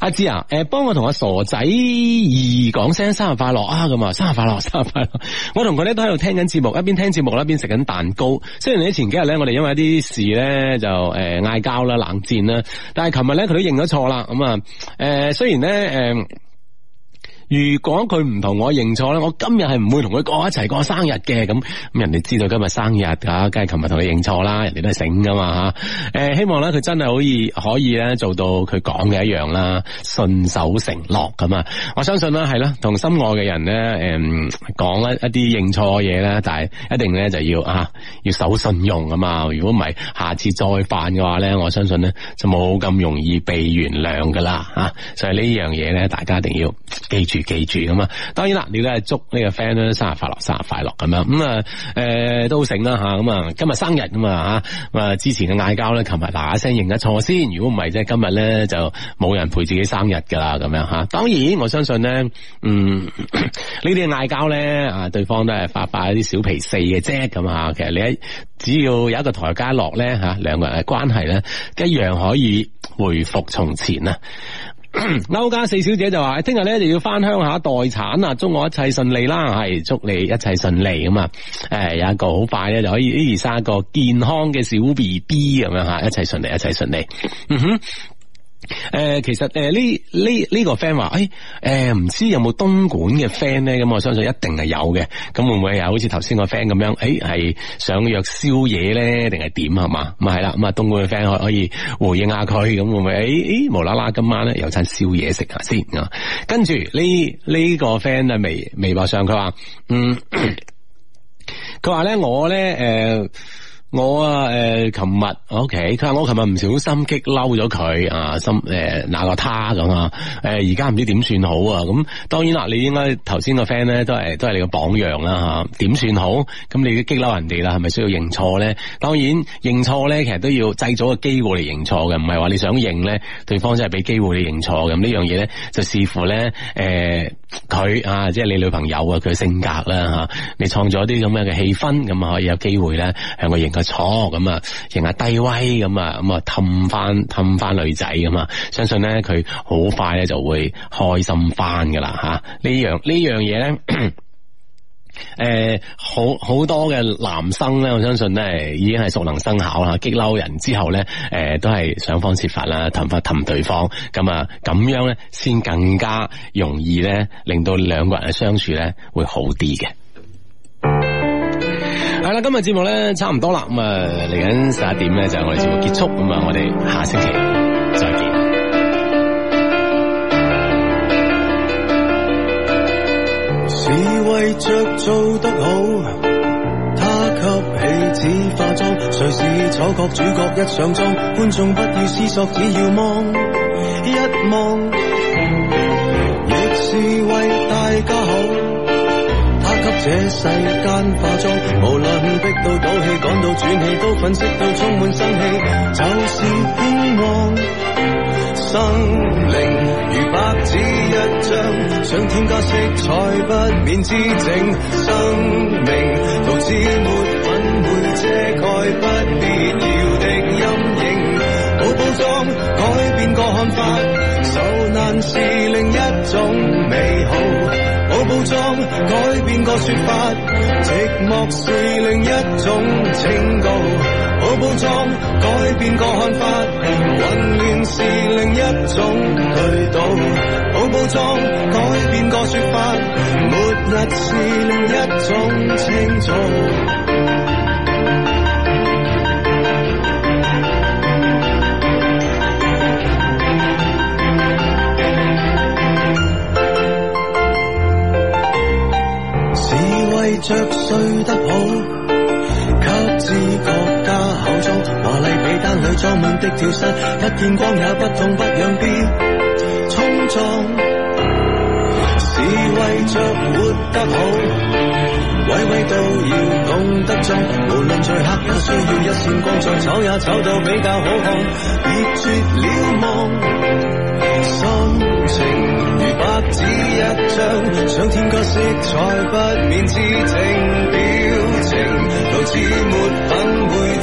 阿芝啊，誒，幫我同阿傻仔二講聲生日快樂啊，咁啊，生日快樂，生日快樂。我同佢咧都喺度聽緊節目，一邊聽節目一邊食緊蛋糕。雖然咧前幾日咧我哋因為一啲事咧就誒嗌交啦、冷戰啦，但係琴日咧佢都認咗錯啦。咁啊，誒、呃，雖然咧誒。呃如果佢唔同我認錯咧，我今日係唔會同佢過一齊過生日嘅。咁咁人哋知道今日生日吓，梗係琴日同你認錯啦，人哋都係醒噶嘛吓。誒，希望咧佢真係可以可以咧做到佢講嘅一樣啦，信守承諾咁啊！我相信啦係啦，同心愛嘅人咧，誒講一一啲認錯嘢咧，但係一定咧就要啊要守信用噶嘛。如果唔係，下次再犯嘅話咧，我相信咧就冇咁容易被原諒噶啦吓。所以呢樣嘢咧，大家一定要記住。記住咁啊！當然啦，你都係祝呢個 friend 咧生日快樂，生日快樂咁樣咁啊！誒、嗯，都好醒啦吓咁啊！今日生日咁嘛，吓咁啊！之前嘅嗌交咧，琴日嗱嗱聲認咗錯先。如果唔係，即係今日咧就冇人陪自己生日噶啦咁樣吓。當然，我相信咧，嗯，呢啲嗌交咧啊，對方都係發發一啲小脾四嘅啫咁啊。其實你喺只要有一個台階下落咧吓，兩個人嘅、呃、關係咧一樣可以回復從前啊！歐家四小姐就話：聽日咧就要翻鄉下待產啊！祝我一切順利啦，係祝你一切順利咁啊！誒、哎，有一個好快咧就可以生一個健康嘅小 B B 咁樣吓，一切順利，一切順利。嗯哼。誒、呃，其實誒，呢呢呢個 friend 話，誒、這個，誒、欸，唔、呃、知道有冇東莞嘅 friend 咧？咁我相信一定係有嘅。咁會唔會又好似頭先個 friend 咁樣？誒、欸，係想約宵夜咧，定係點係嘛？咁係啦，咁、嗯、啊，東莞嘅 friend 可可以回應下佢，咁會唔會誒誒、欸欸，無啦啦今晚咧有餐宵夜食下先啊？跟住呢呢個 friend 啊，微微博上佢話，嗯，佢話咧我咧，誒、呃。我啊，誒、呃，琴日 OK 佢話我琴日唔小心激嬲咗佢啊，心誒，那、呃、個他咁啊，誒、呃，而家唔知點算好啊，咁當然啦，你應該頭先個 friend 咧都係都係你個榜樣啦吓，點、啊、算好？咁你激嬲人哋啦，係咪需要認錯咧？當然認錯咧，其實都要製造個機會嚟認錯嘅，唔係話你想認咧，對方真係俾機會你認錯嘅。咁呢樣嘢咧，就視乎咧，誒、呃，佢啊，即係你女朋友啊，佢性格啦吓、啊，你創造一啲咁樣嘅氣氛，咁啊可以有機會咧，向佢認錯咁啊，贏下低威咁啊，咁啊氹翻氹翻女仔咁啊，相信咧佢好快咧就會開心翻噶啦吓。啊、樣樣呢樣呢樣嘢咧，誒、欸，好好多嘅男生咧，我相信都已經係熟能生巧啦。激嬲人之後咧，誒、欸，都係想方設法啦，氹翻氹對方，咁啊，咁樣咧，先更加容易咧，令到兩個人嘅相處咧會好啲嘅。係啦，今日節目咧差唔多啦，咁啊嚟緊十一點咧就係我哋節目結束，咁啊我哋下星期再見。是為着做得好，他給戲子化妝，誰是丑角主角一上妝，觀眾不要思索，只要望一望，亦是為大家。這世間化妝，無論逼到倒氣，趕到轉氣，都粉飾到充滿生氣，就是希望。生命如白紙一張，想添加色彩不免姿整。生命塗脂抹粉會遮蓋，不必要的陰影。好包裝改變個看法，受難是另一種美好。好包裝，改變個說法，寂寞是另一種清高。好包裝，改變個看法，混亂是另一種對倒。好包裝，改變個說法，末日是另一種清早。條一跳不見光也不痛不癢，變衝撞，是為着活得好，位位都要懂得裝。無論在黑，不需要一綫光，在醜也醜到比較好看，別說了望。心情如白紙一張，想添加色彩不免自情表情，都自沒分。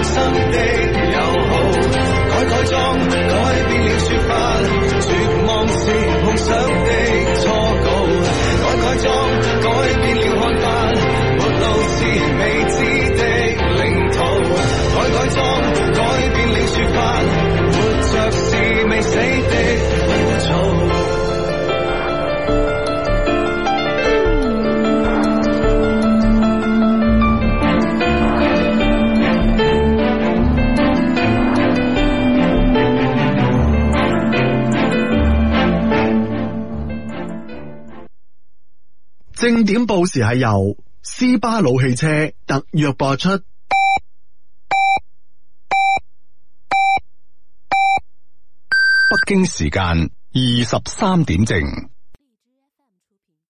陌生的友好，改改裝，改變了說法。絕望是夢想的錯覺，改改裝，改變了看法。末路是未知的領土，改改裝，改變了說法。活着是未死的枯燥。正點報時係由斯巴魯汽車特約播出。北京時間二十三點正。